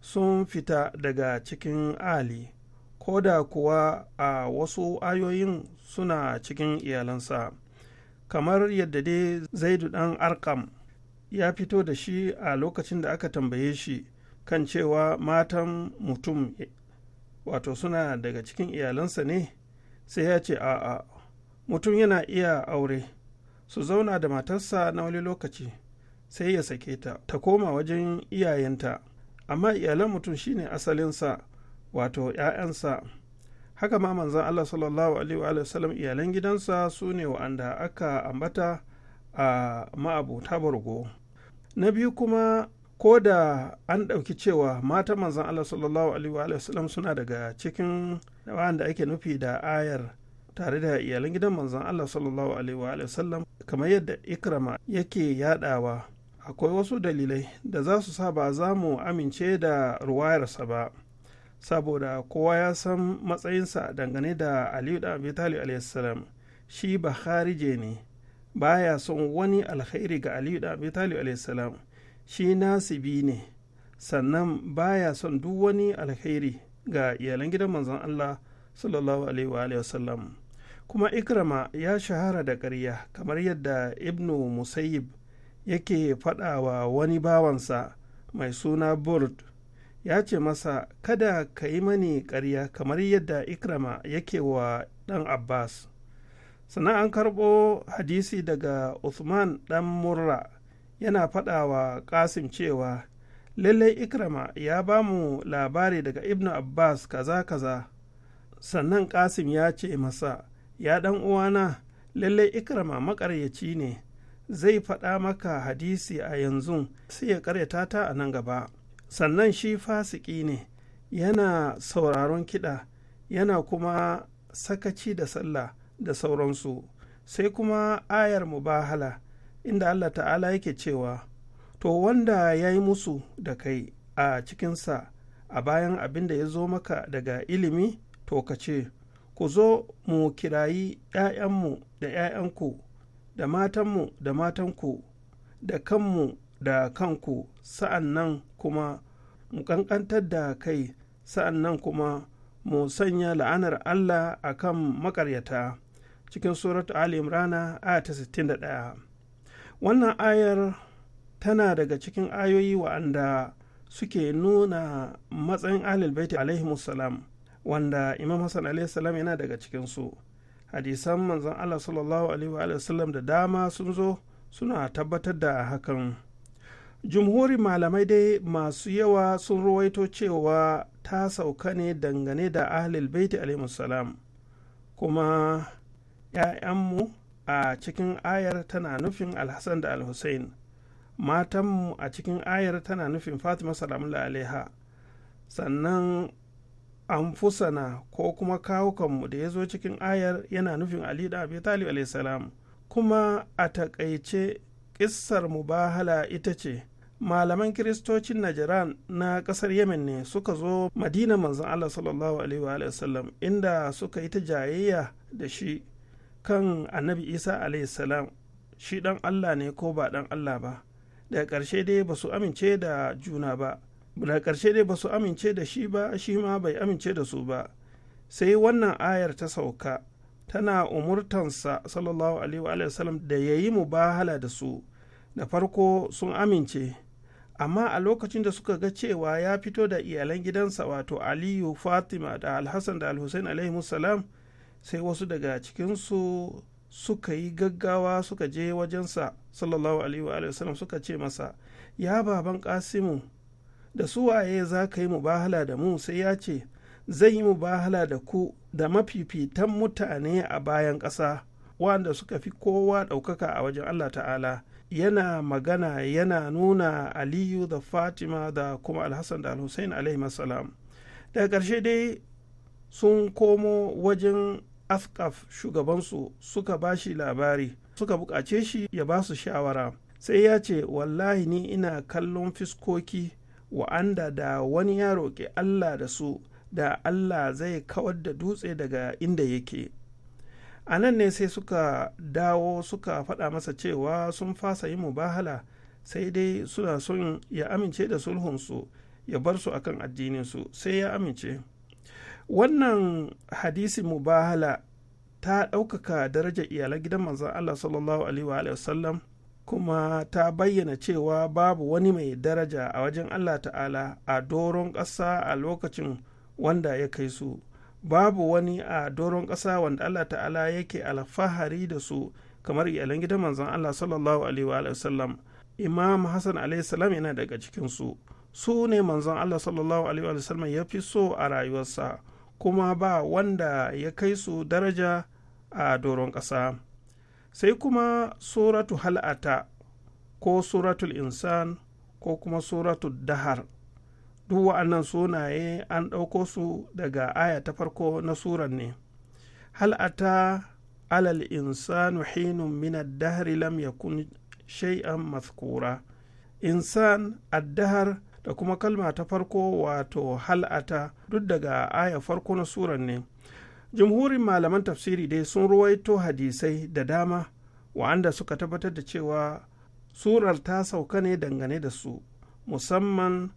sun fita daga cikin ali ko da kuwa a wasu ayoyin suna cikin iyalansa kamar yadda dai zaidu dan arkam ya fito da shi a lokacin da aka tambaye shi kan cewa matan mutum wato suna daga cikin iyalansa ne sai ya ce a'a mutum yana iya aure su zauna da matarsa na wani lokaci sai ya sake ta ta koma wajen iyayenta amma iyalan mutum shine asalinsa wato 'ya'yansa haka ma manzan allah sallallahu alaihi wa iyalan gidansa su ne wa'anda aka ambata a ma'abuta bargo na biyu kuma ko da an ɗauki cewa mata manzan Allah sallallahu alaihi wa sallam suna daga cikin wanda ake nufi da ayar tare da iyalin gidan manzan Allah sallallahu alaihi wa sallam kamar yadda ikrama yake yadawa akwai wasu dalilai da za su sa ba za mu amince da ruwayarsa ba saboda kowa ya san matsayinsa dangane da aliyu da abi talib alaihi shi ba kharije ne baya son wani alkhairi ga aliyu da abi talib alaihissalam shi nasibi ne sannan baya son duk wani alkhairi ga iyalan gidan manzon allah sallallahu alaihi wasallam kuma ikrama ya shahara da ƙarya kamar yadda ibnu musayyib yake faɗa wa wani bawansa mai suna burd ya ce masa kada ka yi mani ƙarya kamar yadda ikrama yake wa ɗan abbas sannan an karɓo hadisi daga Uthman ɗan murra yana faɗa Kasim cewa lallai ikrama ya ba mu labari daga Ibn Abbas kaza kaza sannan ƙasim ya ce masa ya ɗan uwana lallai ikrama maƙaryaci ne zai faɗa maka hadisi a yanzu sai ya ƙaryata ta a nan gaba sannan shi fasiki ne yana sauraron kiɗa yana kuma sakaci da sallah da sauransu sai kuma ayar mubahala inda allah ta'ala yake cewa to wanda ya yi musu da kai a cikinsa a bayan abin da ya zo maka daga ilimi to ka ce ku zo mu kirayi ‘ya'yanmu da ‘ya'yanku da matanmu da matanku da kanmu da kanku sa'an nan kuma mu ƙanƙantar da kai sa'an nan kuma mu sanya la'anar Allah a kan maƙaryata cikin surat ali imrana aya ta 61 wannan ayar tana daga cikin ayoyi wa'anda suke nuna matsayin alil baiti musallam wanda imam hassan salam yana daga cikinsu hadisan manzon allah sallallahu alaihi wa sallam da dama sun zo suna tabbatar da hakan jumhuri malamai dai masu yawa sun ruwaito cewa ta sauka ne dangane da ahlul baiti musallam. kuma ‘ya'yanmu a cikin ayar tana nufin alhassan da alhussein matanmu a cikin ayar tana nufin fatima Salamun alaiha sannan anfusana ko kuma kawukanmu da ya zo cikin ayar yana nufin ali da abi talib salam kuma a takaice ƙissar mubahala ita ce malaman kiristocin najiran na ƙasar yemen ne suka zo madina manzan allah sallallahu alaihi wa sallam inda suka yi ta jayayya da shi kan annabi isa salam shi ɗan allah ne ko ba ɗan allah ba daga ƙarshe dai ba su amince da juna ba daga ƙarshe dai ba su amince da shi ba shi ma bai amince da su ba sai wannan ayar ta sauka tana umurtansa sallallahu alaihi wa sallam da ya yi mubahala da su da farko sun amince amma a lokacin da suka ga cewa ya fito da iyalan gidansa wato aliyu fatima da alhassan da alhussein alaihi salam sai wasu daga cikinsu suka yi gaggawa suka je wajensa sallallahu alaihi wa suka ce masa ya baban kasimu da su waye za ka yi mubahala da mu sai ya ce zai yi mubahala da ku da mafifitan mutane a bayan ƙasa wanda suka fi kowa ɗaukaka a wajen Allah ta'ala yana magana yana nuna aliyu da fatima da kuma alhassan da alhussein alaihi daga ƙarshe dai sun komo wajen afkaf shugabansu suka ba shi labari suka buƙace shi ya ba su shawara sai ya ce wallahi ni ina kallon fiskoki wa'anda da wani ya roƙi allah da su da allah zai kawar da dutse daga inda yake a nan ne sai suka dawo suka faɗa masa cewa sun fasa yi mubahala sai dai suna son ya amince da sulhunsu ya bar su akan addininsu sai ya amince wannan hadisi mubahala ta ɗaukaka darajar iyalan gidan manzon Allah sallallahu alaihi wasallam kuma ta bayyana cewa babu wani mai daraja a wajen Allah ta'ala a doron ƙasa a lokacin wanda ya kai su babu wani a doron ƙasa wanda Allah ta'ala yake alfahari da su kamar iyalan gidan manzon Allah sallallahu alaihi wasallam imam hassan alaihi salam yana daga cikinsu su ne manzon Allah sallallahu alaihi wasallam ya fi so a rayuwarsa kuma ba wanda ya kai su daraja a doron ƙasa sai kuma suratu hal'ata ko suratul insan ko kuma suratu dahar duk wa'annan sunaye an ɗauko su daga aya ta farko na suran ne hal'ata alal insanu hinun minad dahri lam yakun shay'an mazkura insan addahar da kuma kalma ta farko wato hal'ata duk daga aya farko na suran ne jamhurin malaman tafsiri dai sun ruwaito hadisai da dama wa'anda suka tabbatar da cewa surar ta sauka ne dangane da su musamman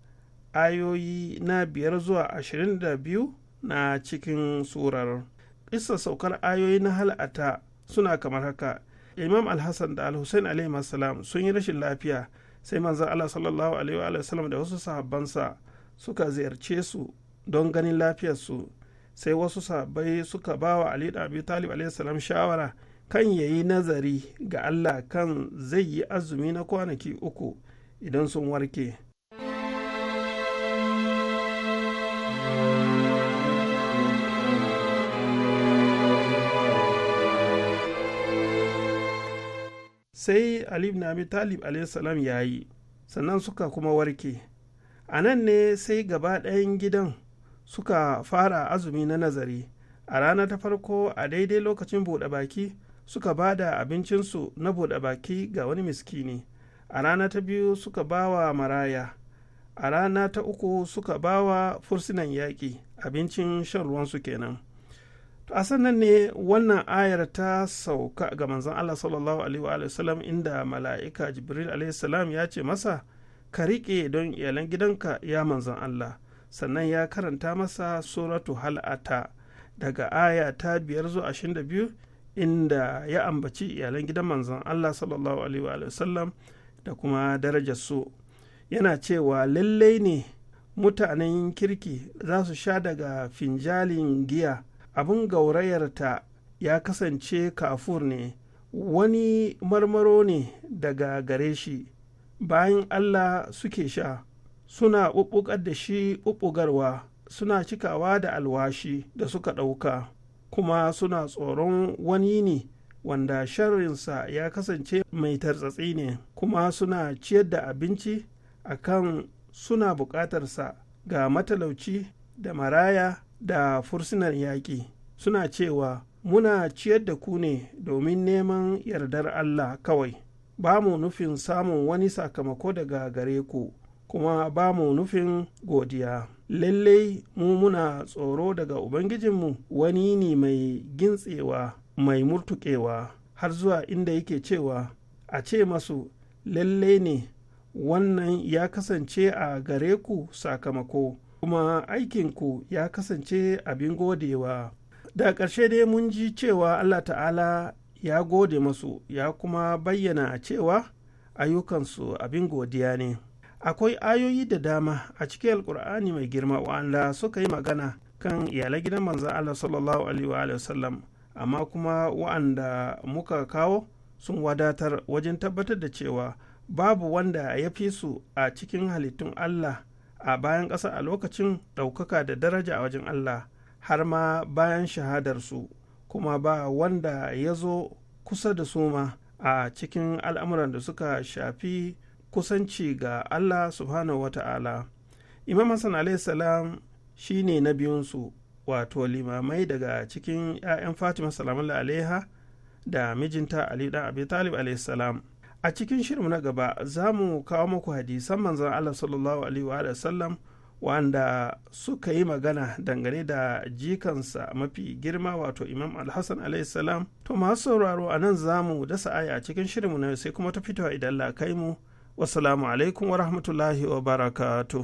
ayoyi na biyar zuwa ashirin da biyu na cikin surar isa saukar ayoyi na hal'ata suna kamar haka imam alhassan da alhussein alaihi sun yi rashin lafiya sai manzan allah sallallahu alaihi wa sallam da wasu sahabbansa suka ziyarce su don ganin lafiyarsu sai wasu sahabbai suka ba wa ali da abi talib alaihi salam shawara kan ya yi nazari ga allah kan zai yi azumi na kwanaki uku idan sun warke sai ali na abi talib alaihissalam ya yi sannan suka kuma warke a nan ne sai gaba ɗayan gidan suka fara azumi na nazari a rana ta farko a daidai lokacin buɗe baki suka ba da abincinsu na buɗe baki ga wani miskini a rana ta biyu suka ba wa maraya a rana ta uku suka ba wa fursunan yaƙi abincin shan ruwansu kenan a sannan ne wannan ayar ta sauka ga manzon Allah sallallahu alaihi wa inda mala'ika Jibril alaihi ya ce masa ka riƙe don iyalan gidanka ya manzon Allah sannan ya karanta masa suratu hal'ata daga aya ta biyar zuwa ashirin da biyu inda ya ambaci iyalan gidan manzon Allah sallallahu alaihi wa da kuma darajar su yana cewa lallai ne mutanen kirki za su sha daga finjalin giya abin gaurayarta ya kasance kafur ne wani marmaro ne daga gare shi bayan allah suke sha suna ɓuɓɓugar da shi ɓuɓɓugarwa suna cikawa da alwashi da suka ɗauka kuma suna tsoron wani ne wanda sharrinsa ya kasance mai tartsatsi ne kuma suna ciyar da abinci akan suna buƙatarsa ga matalauci da maraya da fursunar yaƙi suna cewa muna ciyar da ku ne domin neman yardar Allah kawai ba mu nufin samun wani sakamako daga gare ku kuma ba mu nufin godiya lallai mu muna tsoro daga ubangijinmu wani ne mai gintsewa mai murtuƙewa har zuwa inda yake cewa a ce masu lallai ne wannan ya kasance a gare ku sakamako kuma aikinku ya kasance abin godewa da ƙarshe dai mun ji cewa allah ta'ala ya gode masu ya kuma bayyana cewa ayyukansu abin godiya ne akwai ayoyi da dama a cikin alkur'ani mai girma wa'anda suka yi magana kan iyalai gidan manzan allah sallallahu alaihi wa amma kuma wa'anda muka kawo sun wadatar wajen tabbatar da cewa babu wanda ya fi su a cikin halittun allah a bayan ƙasa a lokacin ɗaukaka da daraja a wajen Allah har ma bayan shahadarsu kuma ba wanda ya zo kusa da su ma a cikin al'amuran da suka shafi kusanci ga Allah subhanahu wa ta'ala. Imam Hassan salam shi ne na biyunsu wato limamai daga cikin ‘ya'yan Fatima salamun da mijinta Ali ɗan Abi Talib salam. a cikin shirin na gaba za mu kawo muku hadisan manzon Allah sallallahu alaihi wa sallam wanda suka yi magana dangane da jikansa mafi girma wato imam alhassan alaihi salam to masu sauraro a nan za mu dasa aya a cikin shirin na sai kuma ta fitowa idan la kai mu wasalamu alaikum wa rahmatullahi wa barakatuh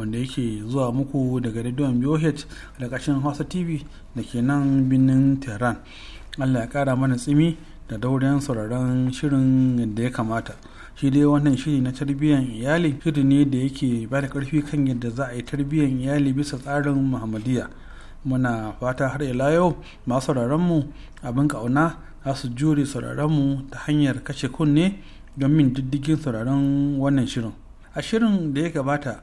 wanda yake zuwa muku daga rediyon BOH da kashin Hausa TV da ke nan birnin Tehran. Allah ya kara mana tsimi da daurin sauraron shirin da ya kamata. Shi dai wannan shiri na tarbiyyar iyali shiri ne da yake ba da karfi kan yadda za a yi tarbiyyar iyali bisa tsarin Muhammadiyya. Muna fata har ila yau masu sauraronmu abin kauna za su jure sauraronmu ta hanyar kashe kunne don min diddigin sauraron wannan shirin. A shirin da ya gabata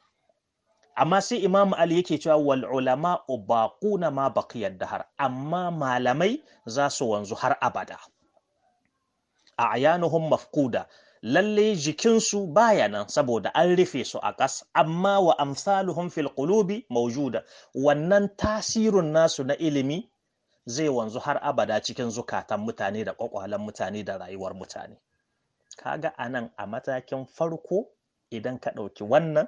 amma sai imamu ali yake cewa wal ulama ubaquna ma baqiyad dahar amma malamai za su wanzu har abada a ayanuhum mafquda lalle jikinsu baya nan saboda an rufe su a kas amma wa amsaluhum fil qulubi mawjuda wannan tasirin nasu na ilimi zai wanzu har abada cikin zukatan mutane da kwakwalen mutane da rayuwar mutane kaga anan a matakin farko idan ka ɗauki wannan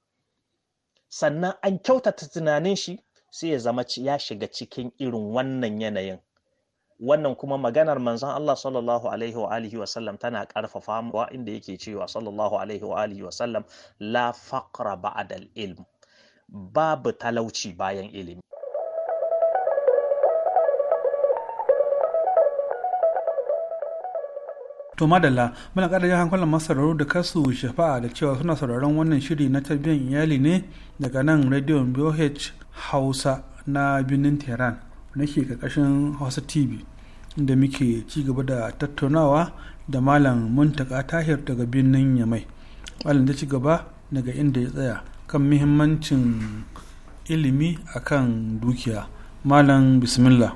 sannan an kyautata tunanin shi sai ya zama ya shiga cikin irin wannan yanayin wannan kuma maganar manzon Allah sallallahu alaihi wa alihi wa sallam tana karfafa wa inda yake cewa sallallahu alaihi wa alihi wa sallam la faqra ba'da al-ilm babu talauci bayan ilimi to madalla muna kada jihar kwallon masararru da kasu shafa'a da cewa suna sauraron wannan shiri na tarbiyyar iyali ne daga nan rediyon boh hausa na birnin tehran na ke ƙarƙashin hausa tv da muke ci gaba da tattaunawa da malam muntaka tahir daga birnin yamai malam ta ci gaba daga inda ya tsaya kan muhimmancin ilimi akan dukiya malam bismillah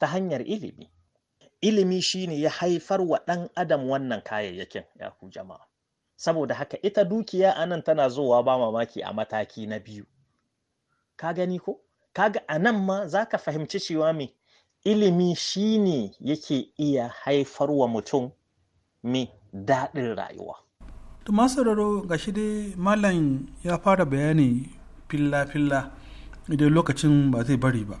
ta hanyar ilimi ilimi shine ya haifar wa ɗan adam wannan kayayyakin ya ku jama'a saboda haka ita dukiya a nan tana zuwa ba mamaki a mataki na biyu ka gani ko kaga a nan ma za ka fahimci cewa me ilimi ne yake iya haifar wa mutum me daɗin rayuwa to masararo ga shi dai malam ya fara bayani filla-filla idan lokacin ba zai bari ba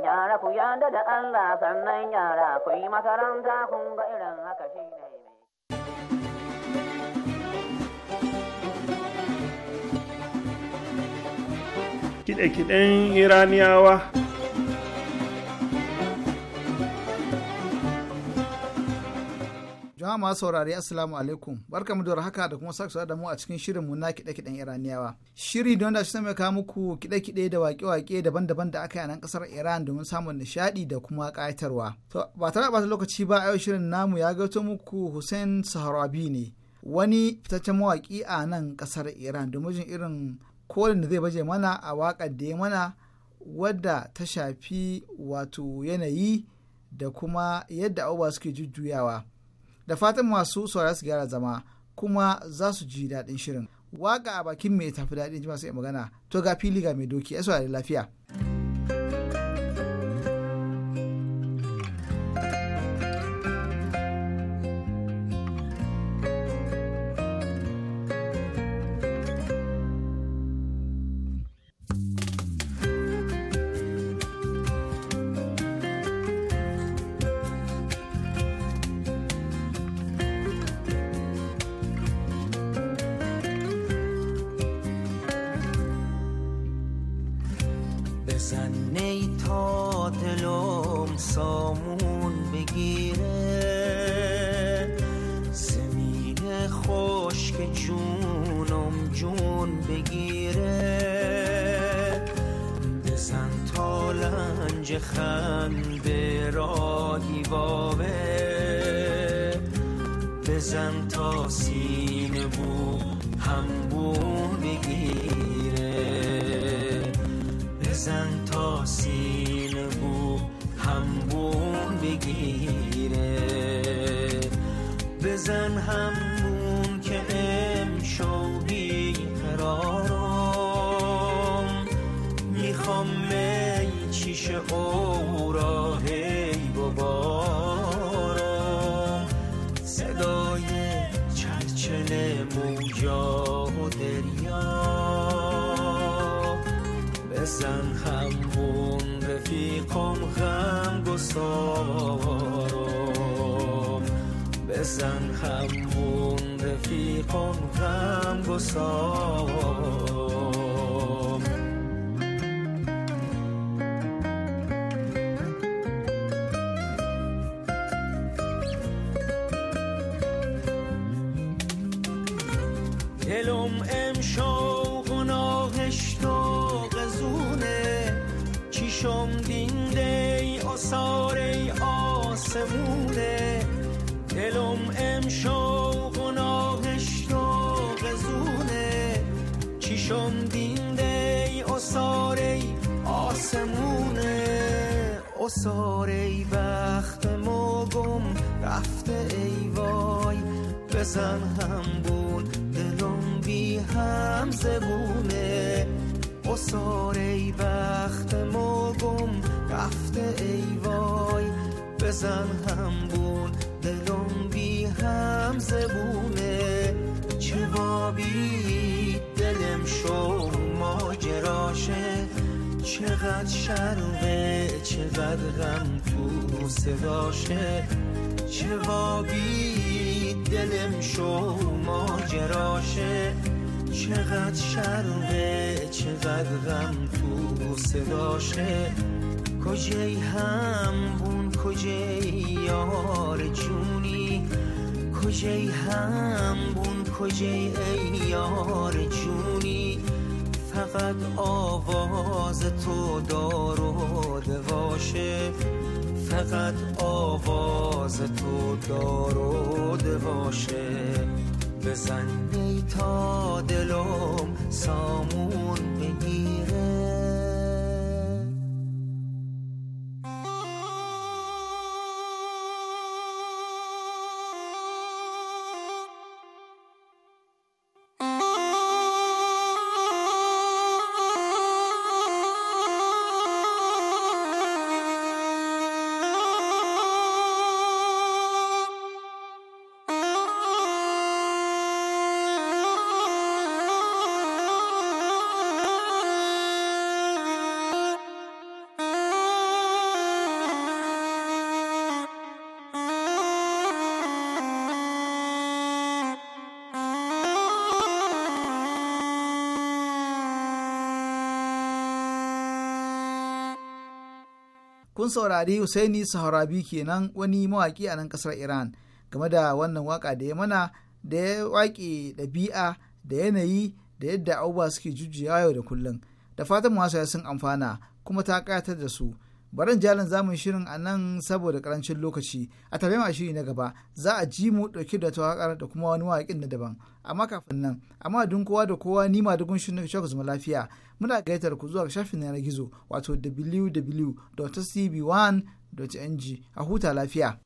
Yara ku ya da Allah sannan yara ku yi makaranta kun ga irin haka shi ne. Kiɗe-kiɗen Iraniyawa. jama'a masu saurari assalamu alaikum barka mu da haka da kuma sake da mu a cikin shirin mu na kide kiden iraniyawa shiri don da shi mai kawo muku kiɗe-kiɗe da waƙe-waƙe daban-daban da aka yi a nan ƙasar iran domin samun nishadi da kuma kayatarwa to ba tare ɓata lokaci ba a yau shirin namu ya gaito muku hussein sahrabi ne wani fitaccen mawaki a nan kasar iran domin jin irin kolin da zai baje mana a waƙar da ya mana wadda ta shafi wato yanayi da kuma yadda abubuwa suke jujjuyawa da fatan masu saurara su gyara zama kuma za su ji daɗin shirin waka a bakin mai tafi daɗin ji masu magana to ga fili ga mai doki ya saurari lafiya. دلم امشو گناهش و قزونه چیشم دینده ای آثار ای آسمونه دلم امشو گناهش و قزونه چیشم دینده ای آثار ای آسمونه آثار ای وقت ما گم رفته ای وای بزن هم بود هم زبونه قصار ای وقت ما گم رفته ای وای بزن هم بون دلم بی هم زبونه چه بابی دلم شو ماجراشه چقدر شروه چقدر غم تو صداشه چه بابی دلم شو ماجراشه چقدر شرمه چقدر غم تو صداشه کجای هم بون کجای یار جونی کجای هم بون کجای ای یار جونی فقط آواز تو دار و دواشه فقط آواز تو دار و دواشه بزن ای تا دلم سامون saurari Husaini Saharabi kenan wani mawaƙi a nan ƙasar Iran game da wannan waƙa da ya mana da ya waƙe ɗabi'a da yanayi da yadda abubuwa suke jujjuya yau da kullum. Da fatan masu sun amfana kuma ta ƙayatar da su. barin jalin zamun shirin a nan saboda karancin lokaci a tare ma shiri na gaba za a ji mu dauke da tawakar da kuma wani waƙin na daban amma kafin nan amma dun kowa da kowa ni ma dukun shirin shafi zuma lafiya muna gaitar ku zuwa shafin na gizo wato wwwtcb 1ng a huta lafiya.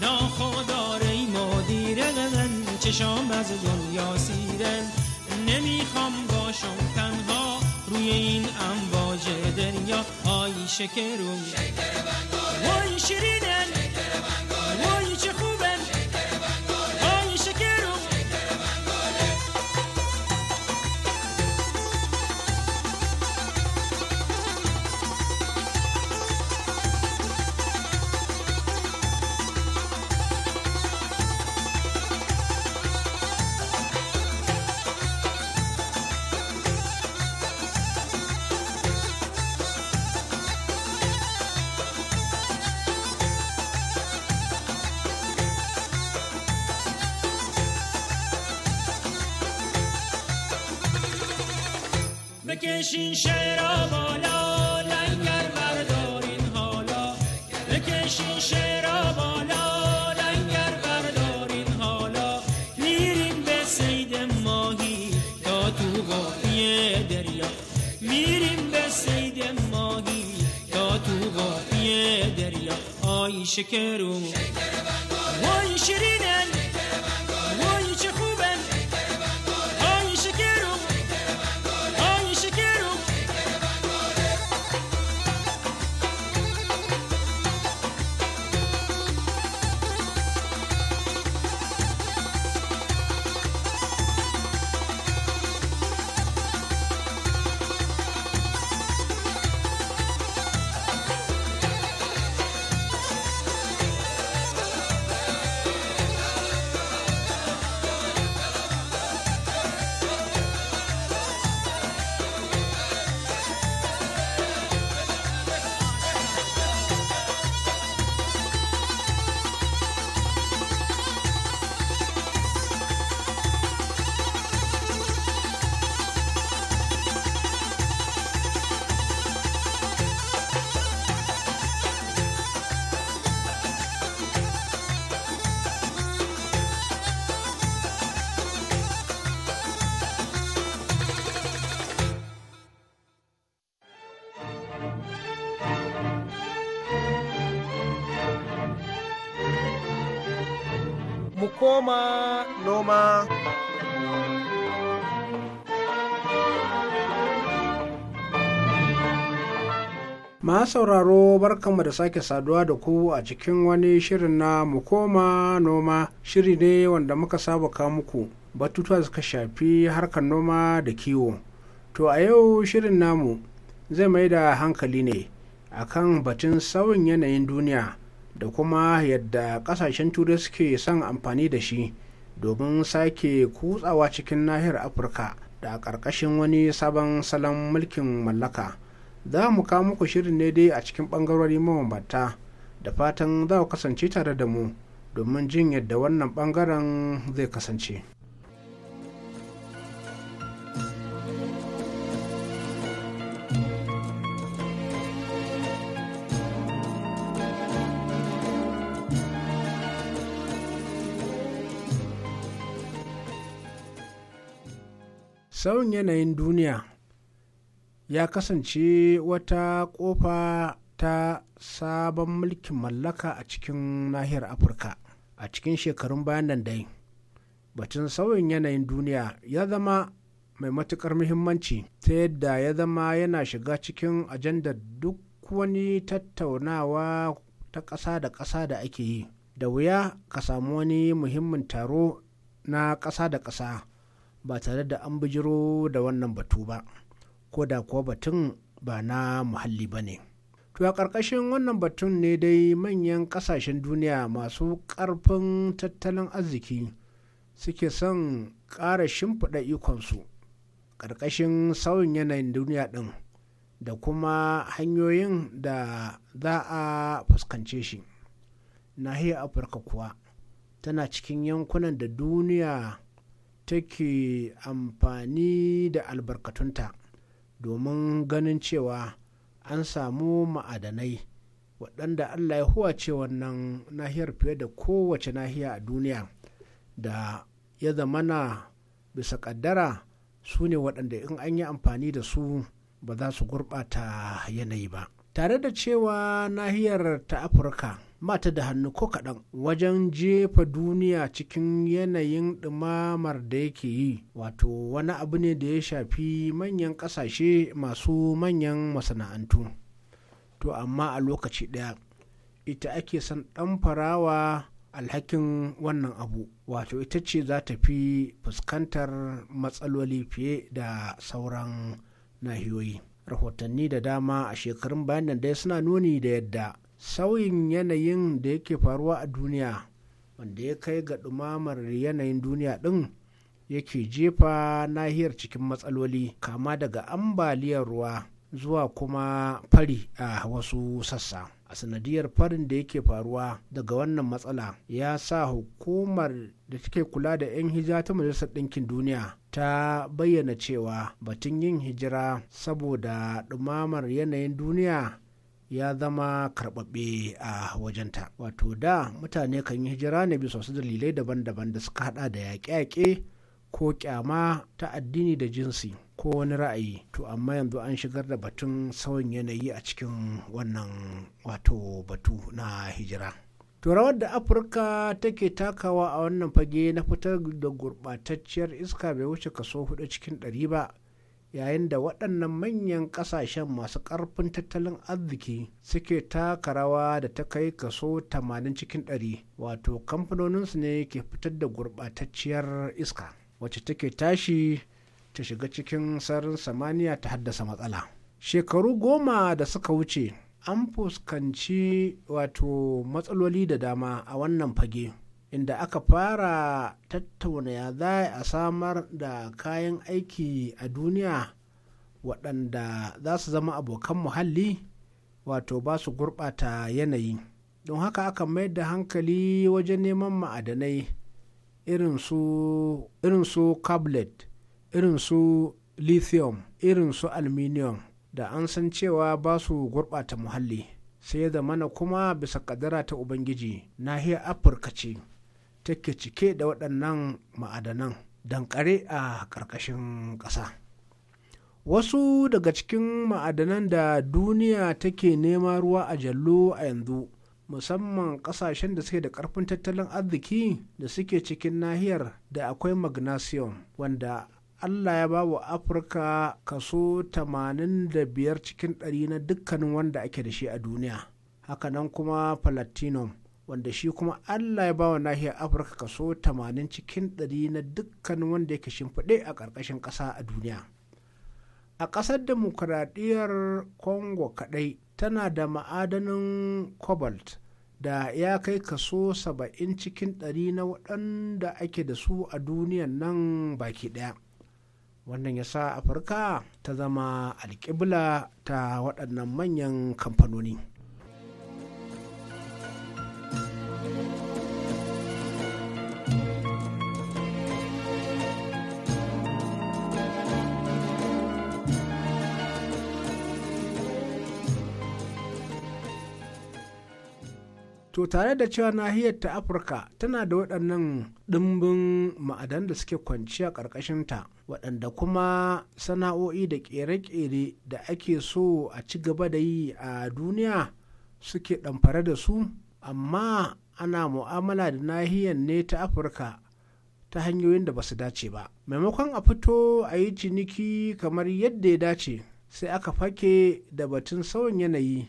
ناخدار ای مدیرن چشام از دنیا سیرن نمیخوام باشم تنها روی این امواج دنیا آی شکرون شکر وای شیرینن sauraro barkanmu da sake saduwa da ku a cikin wani shirin na mukoma noma shiri ne wanda muka saba ka muku batutuwa suka shafi harkar noma da kiwo to a yau shirin namu zai mai da hankali ne a kan batun sauyin yanayin duniya da kuma yadda kasashen turai suke son amfani da shi domin sake kutsawa cikin nahiyar afirka da a ƙarƙashin wani sabon salon mulkin mallaka. za mu kawo muku shirin ne dai a cikin ɓangarori mabambanta da fatan za ku kasance tare da mu domin jin yadda wannan ɓangaren zai kasance. sauyin yanayin duniya ya kasance wata kofa ta sabon mulkin mallaka a cikin nahiyar afirka a cikin shekarun bayan nan dai batun sauyin yanayin duniya ya zama mai matukar muhimmanci ta yadda ya zama yana shiga cikin ajandar duk wani tattaunawa ta ƙasa da ƙasa da ake yi da wuya ka samu wani muhimmin taro na ƙasa da ƙasa ba tare da an bijiro da wannan batu ba. ko da kuwa batun ba na muhalli ba ne. To a ƙarƙashin wannan batun ne dai manyan ƙasashen duniya masu ƙarfin tattalin arziki suke son ƙara shimfiɗa ikonsu ƙarƙashin sauyin yanayin duniya ɗin da kuma hanyoyin da za a fuskance shi. Nahiyar Afirka kuwa tana cikin yankunan da duniya take amfani da albarkatunta. domin ganin cewa an samu ma'adanai waɗanda allah ya huwa ce wannan nahiyar fiye da kowace nahiya a duniya da ya zama na bisa ƙaddara su ne waɗanda in an yi amfani da su ba za su gurɓata yanayi ba tare da cewa nahiyar ta afirka mata da hannu ko kaɗan wajen jefa duniya cikin yanayin ɗumamar da yake yi wato wani abu ne da ya shafi manyan ƙasashe masu manyan masana'antu to amma a lokaci ɗaya ita ake son ɗan farawa alhakin wannan abu wato ita ce za ta fi fuskantar matsaloli fiye da sauran nahiyoyi rahotanni da dama a shekarun bayan nan suna nuni da yadda sauyin yanayin da yake faruwa a duniya wanda ya kai ga ɗumamar yanayin duniya ɗin yake jefa nahiyar cikin matsaloli kama daga ambaliyar ruwa zuwa kuma fari a wasu sassa a sanadiyar farin da yake faruwa daga wannan matsala ya sa hukumar da take kula da 'yan hijira ta majalisar ɗinkin duniya ta bayyana cewa batun yin hijira saboda ɗumamar yanayin duniya ya zama karbabbe a wajenta wato da mutane kan yi hijira ne bisa wasu dalilai daban-daban da suka hada da yaƙe-yaƙe ko ƙyama ta addini da jinsi ko wani ra'ayi to amma yanzu an shigar da batun sauyin yanayi a cikin wannan wato batu na hijira to rawar da afirka take takawa a wannan fage na fitar da gurɓatacciyar iska bai wuce kaso hudu cikin ɗari ba yayin da waɗannan manyan ƙasashen masu ƙarfin tattalin arziki suke taka rawa da ta kai kaso 80 cikin 100 wato kamfanoninsu ne ke fitar da gurɓatacciyar iska wacce take tashi ta shiga cikin sararin samaniya ta haddasa matsala shekaru goma da suka wuce an fuskanci wato matsaloli da dama a wannan fage inda aka fara tattauna ya za a samar da kayan aiki a duniya waɗanda za su zama abokan muhalli wato ba su gurɓata yanayi don haka aka mai da hankali wajen neman ma'adanai irin su cablet irin su lithium irin su aluminium da an san cewa ba su gurɓata muhalli sai ya zamana kuma bisa kadara ta ubangiji nahiyar afirka ce take cike da waɗannan ma'adanan dankare a ƙarƙashin ƙasa wasu daga cikin ma'adanan da duniya take nema ruwa a jallo a yanzu musamman ƙasashen da suke da ƙarfin tattalin arziki da suke cikin nahiyar da akwai magnesium wanda allah ya ba wa afirka kaso 85 cikin 100 na dukkanin wanda ake da shi a duniya hakanan kuma platinum wanda shi kuma allah ya bawa nahiyar afirka kaso 80 cikin 100 na dukkan wanda yake shimfiɗe a ƙarƙashin ƙasa a duniya a ƙasar demokuraɗiyyar congo kaɗai tana da ma'adanin cobalt da ya kai kaso 70 cikin 100 na waɗanda ake da su a duniyan nan baki ɗaya wannan ya sa afirka ta zama alƙibla ta waɗannan manyan kamfanoni. to tare da cewa nahiyar ta afirka tana da waɗannan ɗimbin ma'adan da suke kwanciya ƙarƙashin ta waɗanda kuma sana'o'i da ƙere-ƙere da ake so a ci gaba da yi a duniya suke ɗamfare da su amma ana mu'amala da nahiyar ne ta afirka ta hanyoyin da ba su dace ba maimakon a fito a yi ciniki kamar yadda ya dace sai aka fake da batun sauyin yanayi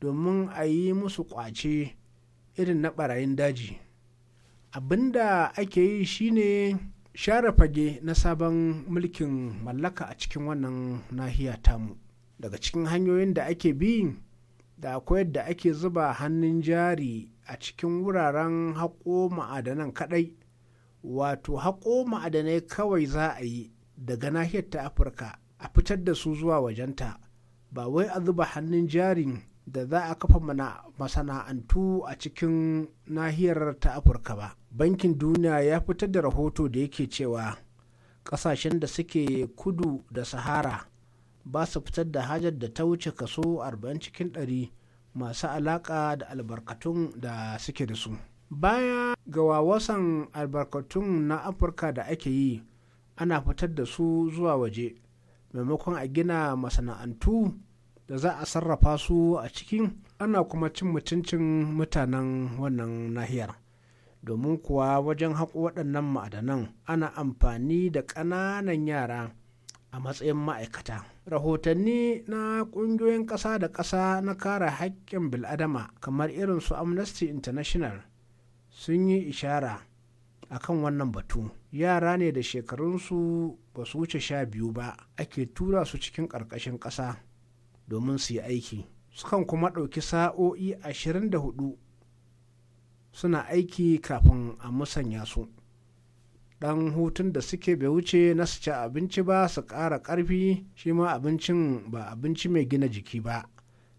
domin a yi musu ƙwace irin na barayin daji abinda ake yi shine share fage na sabon mulkin mallaka a cikin wannan nahiya tamu daga cikin hanyoyin da ake bi da akwai yadda ake zuba hannun jari a cikin wuraren haƙo ma'adanan kaɗai wato haƙo ma'adanai kawai za a yi daga nahiyar ta afirka a fitar da su zuwa wajenta ba wai a zuba hannun jarin da za a kafa masana'antu a cikin nahiyar ta afirka ba bankin duniya ya fitar da rahoto da yake cewa kasashen da suke kudu da sahara ba su fitar da hajar da ta wuce kaso 40 cikin 100 masu alaka da albarkatun da suke da su baya ga wawasan albarkatun na afirka da ake yi ana fitar da su zuwa waje maimakon a gina masana'antu da za a sarrafa su a cikin ana kuma cin mutuncin mutanen wannan nahiyar domin kuwa wajen haƙo waɗannan ma'adanan ana amfani da ƙananan yara a matsayin ma'aikata. Rahotanni na ƙungiyoyin ƙasa da ƙasa na kare haƙƙin bil'adama kamar irin su Amnesty International sun yi ishara a kan wannan batu. Yara ne da shekarunsu ba su wuce sha biyu ba ake tura su cikin ƙarƙashin ƙasa domin su yi aiki sukan kuma ɗauki sa'o'i 24 suna aiki kafin a musanya su ɗan hutun da suke bai wuce na su ci abinci ba su ƙara ƙarfi shi ma abincin ba abinci mai gina jiki ba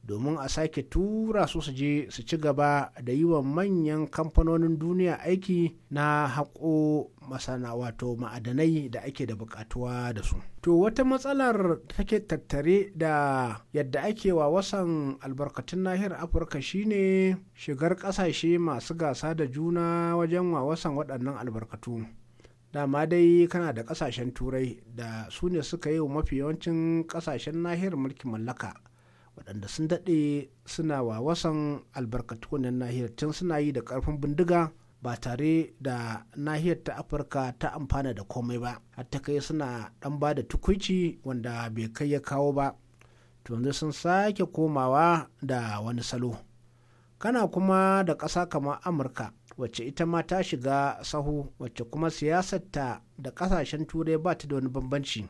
domin a sake tura su su je su ci gaba da yi wa manyan kamfanonin duniya aiki na haƙo masana wato ma'adanai da ake da buƙatuwa da su. To wata matsalar take tattare da yadda ake wa wasan albarkatun nahiyar Afirka shine shigar ƙasashe masu gasa da juna wajen wa wasan waɗannan albarkatu. dama dai kana da ƙasashen turai da su ne suka yi wa mafi yawancin ƙasashen nahiyar mulkin mallaka waɗanda sun daɗe suna wawasan albarkatu nan nahiyar tun suna yi da ƙarfin bindiga ba tare da nahiyar ta afirka ta amfana da komai ba hatta kai suna ɗan ba da tukuici wanda bai kai ya kawo ba yanzu sun sake komawa da wani salo kana kuma da ƙasa kamar amurka wacce ita ma ta shiga sahu wacce kuma siyasarta da ƙasashen turai ba ta da wani bambanci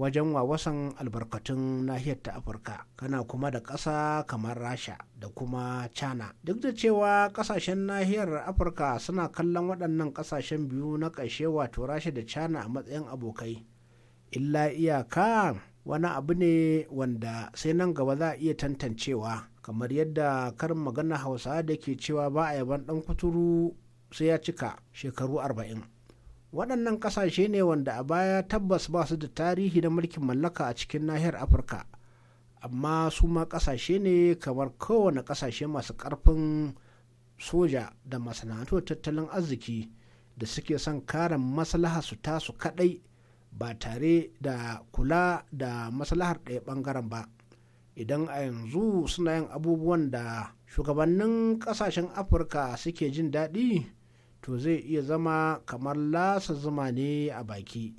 wajen wawasan albarkatun nahiyar ta afirka kana kuma da ƙasa kamar rasha da kuma china duk da cewa ƙasashen nahiyar afirka suna kallon waɗannan ƙasashen biyu na ƙarshe wato rasha da china a matsayin abokai illa iyaka wani abu ne wanda sai nan gaba za a iya tantancewa kamar yadda karin magana hausa da ke cewa ba a yaban ɗan kuturu sai ya cika shekaru arba'in. waɗannan ƙasashe ne wanda a baya tabbas ba su da tarihi na mulkin mallaka a cikin nahiyar afirka amma su ma ƙasashe ne kamar kowane ƙasashe masu ƙarfin soja da masana'antu tattalin arziki da suke son kare maslaha su tasu kaɗai ba tare da kula da maslahar ɗaya ɓangaren ba idan a yanzu suna yin abubuwan da shugabannin ƙasashen afirka suke jin daɗi to zai iya zama kamar lasa zuma ne a baki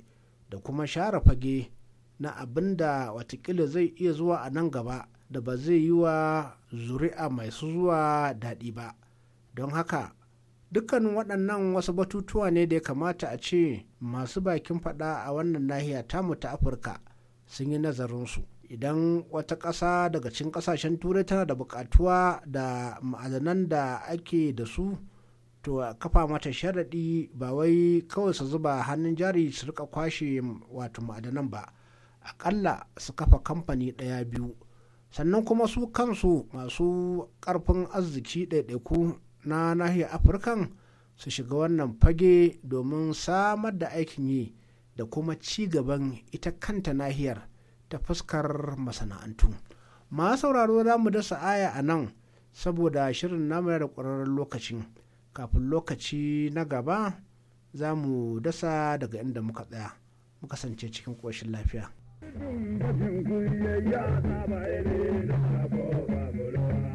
da kuma share fage na abin da watakila zai iya zuwa a nan gaba da ba zai yi wa zuri'a mai su zuwa daɗi ba don haka dukkan waɗannan wasu batutuwa ne da ya kamata a ce masu bakin faɗa a wannan nahiya tamu ta afirka sun yi nazarinsu idan wata ƙasa daga cikin ƙasashen turai tana da buƙatuwa da ma'adanan da ake da su to a kafa mata sharaɗi ba wai kawai su zuba hannun jari su rika kwashe wato ma'adanan ba aƙalla su kafa kamfani ɗaya biyu sannan kuma su kansu masu ƙarfin arziki ɗaiɗaiku na nahiyar afirkan su shiga wannan fage domin samar da aikin yi da kuma ci gaban ita kanta nahiyar ta fuskar masana'antu masu sauraro za mu dasa aya a nan saboda shirin namayar ƙwararren lokacin kafin lokaci na gaba za mu dasa daga inda muka tsaya mu kasance cikin ƙoshin lafiya.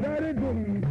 Dari dum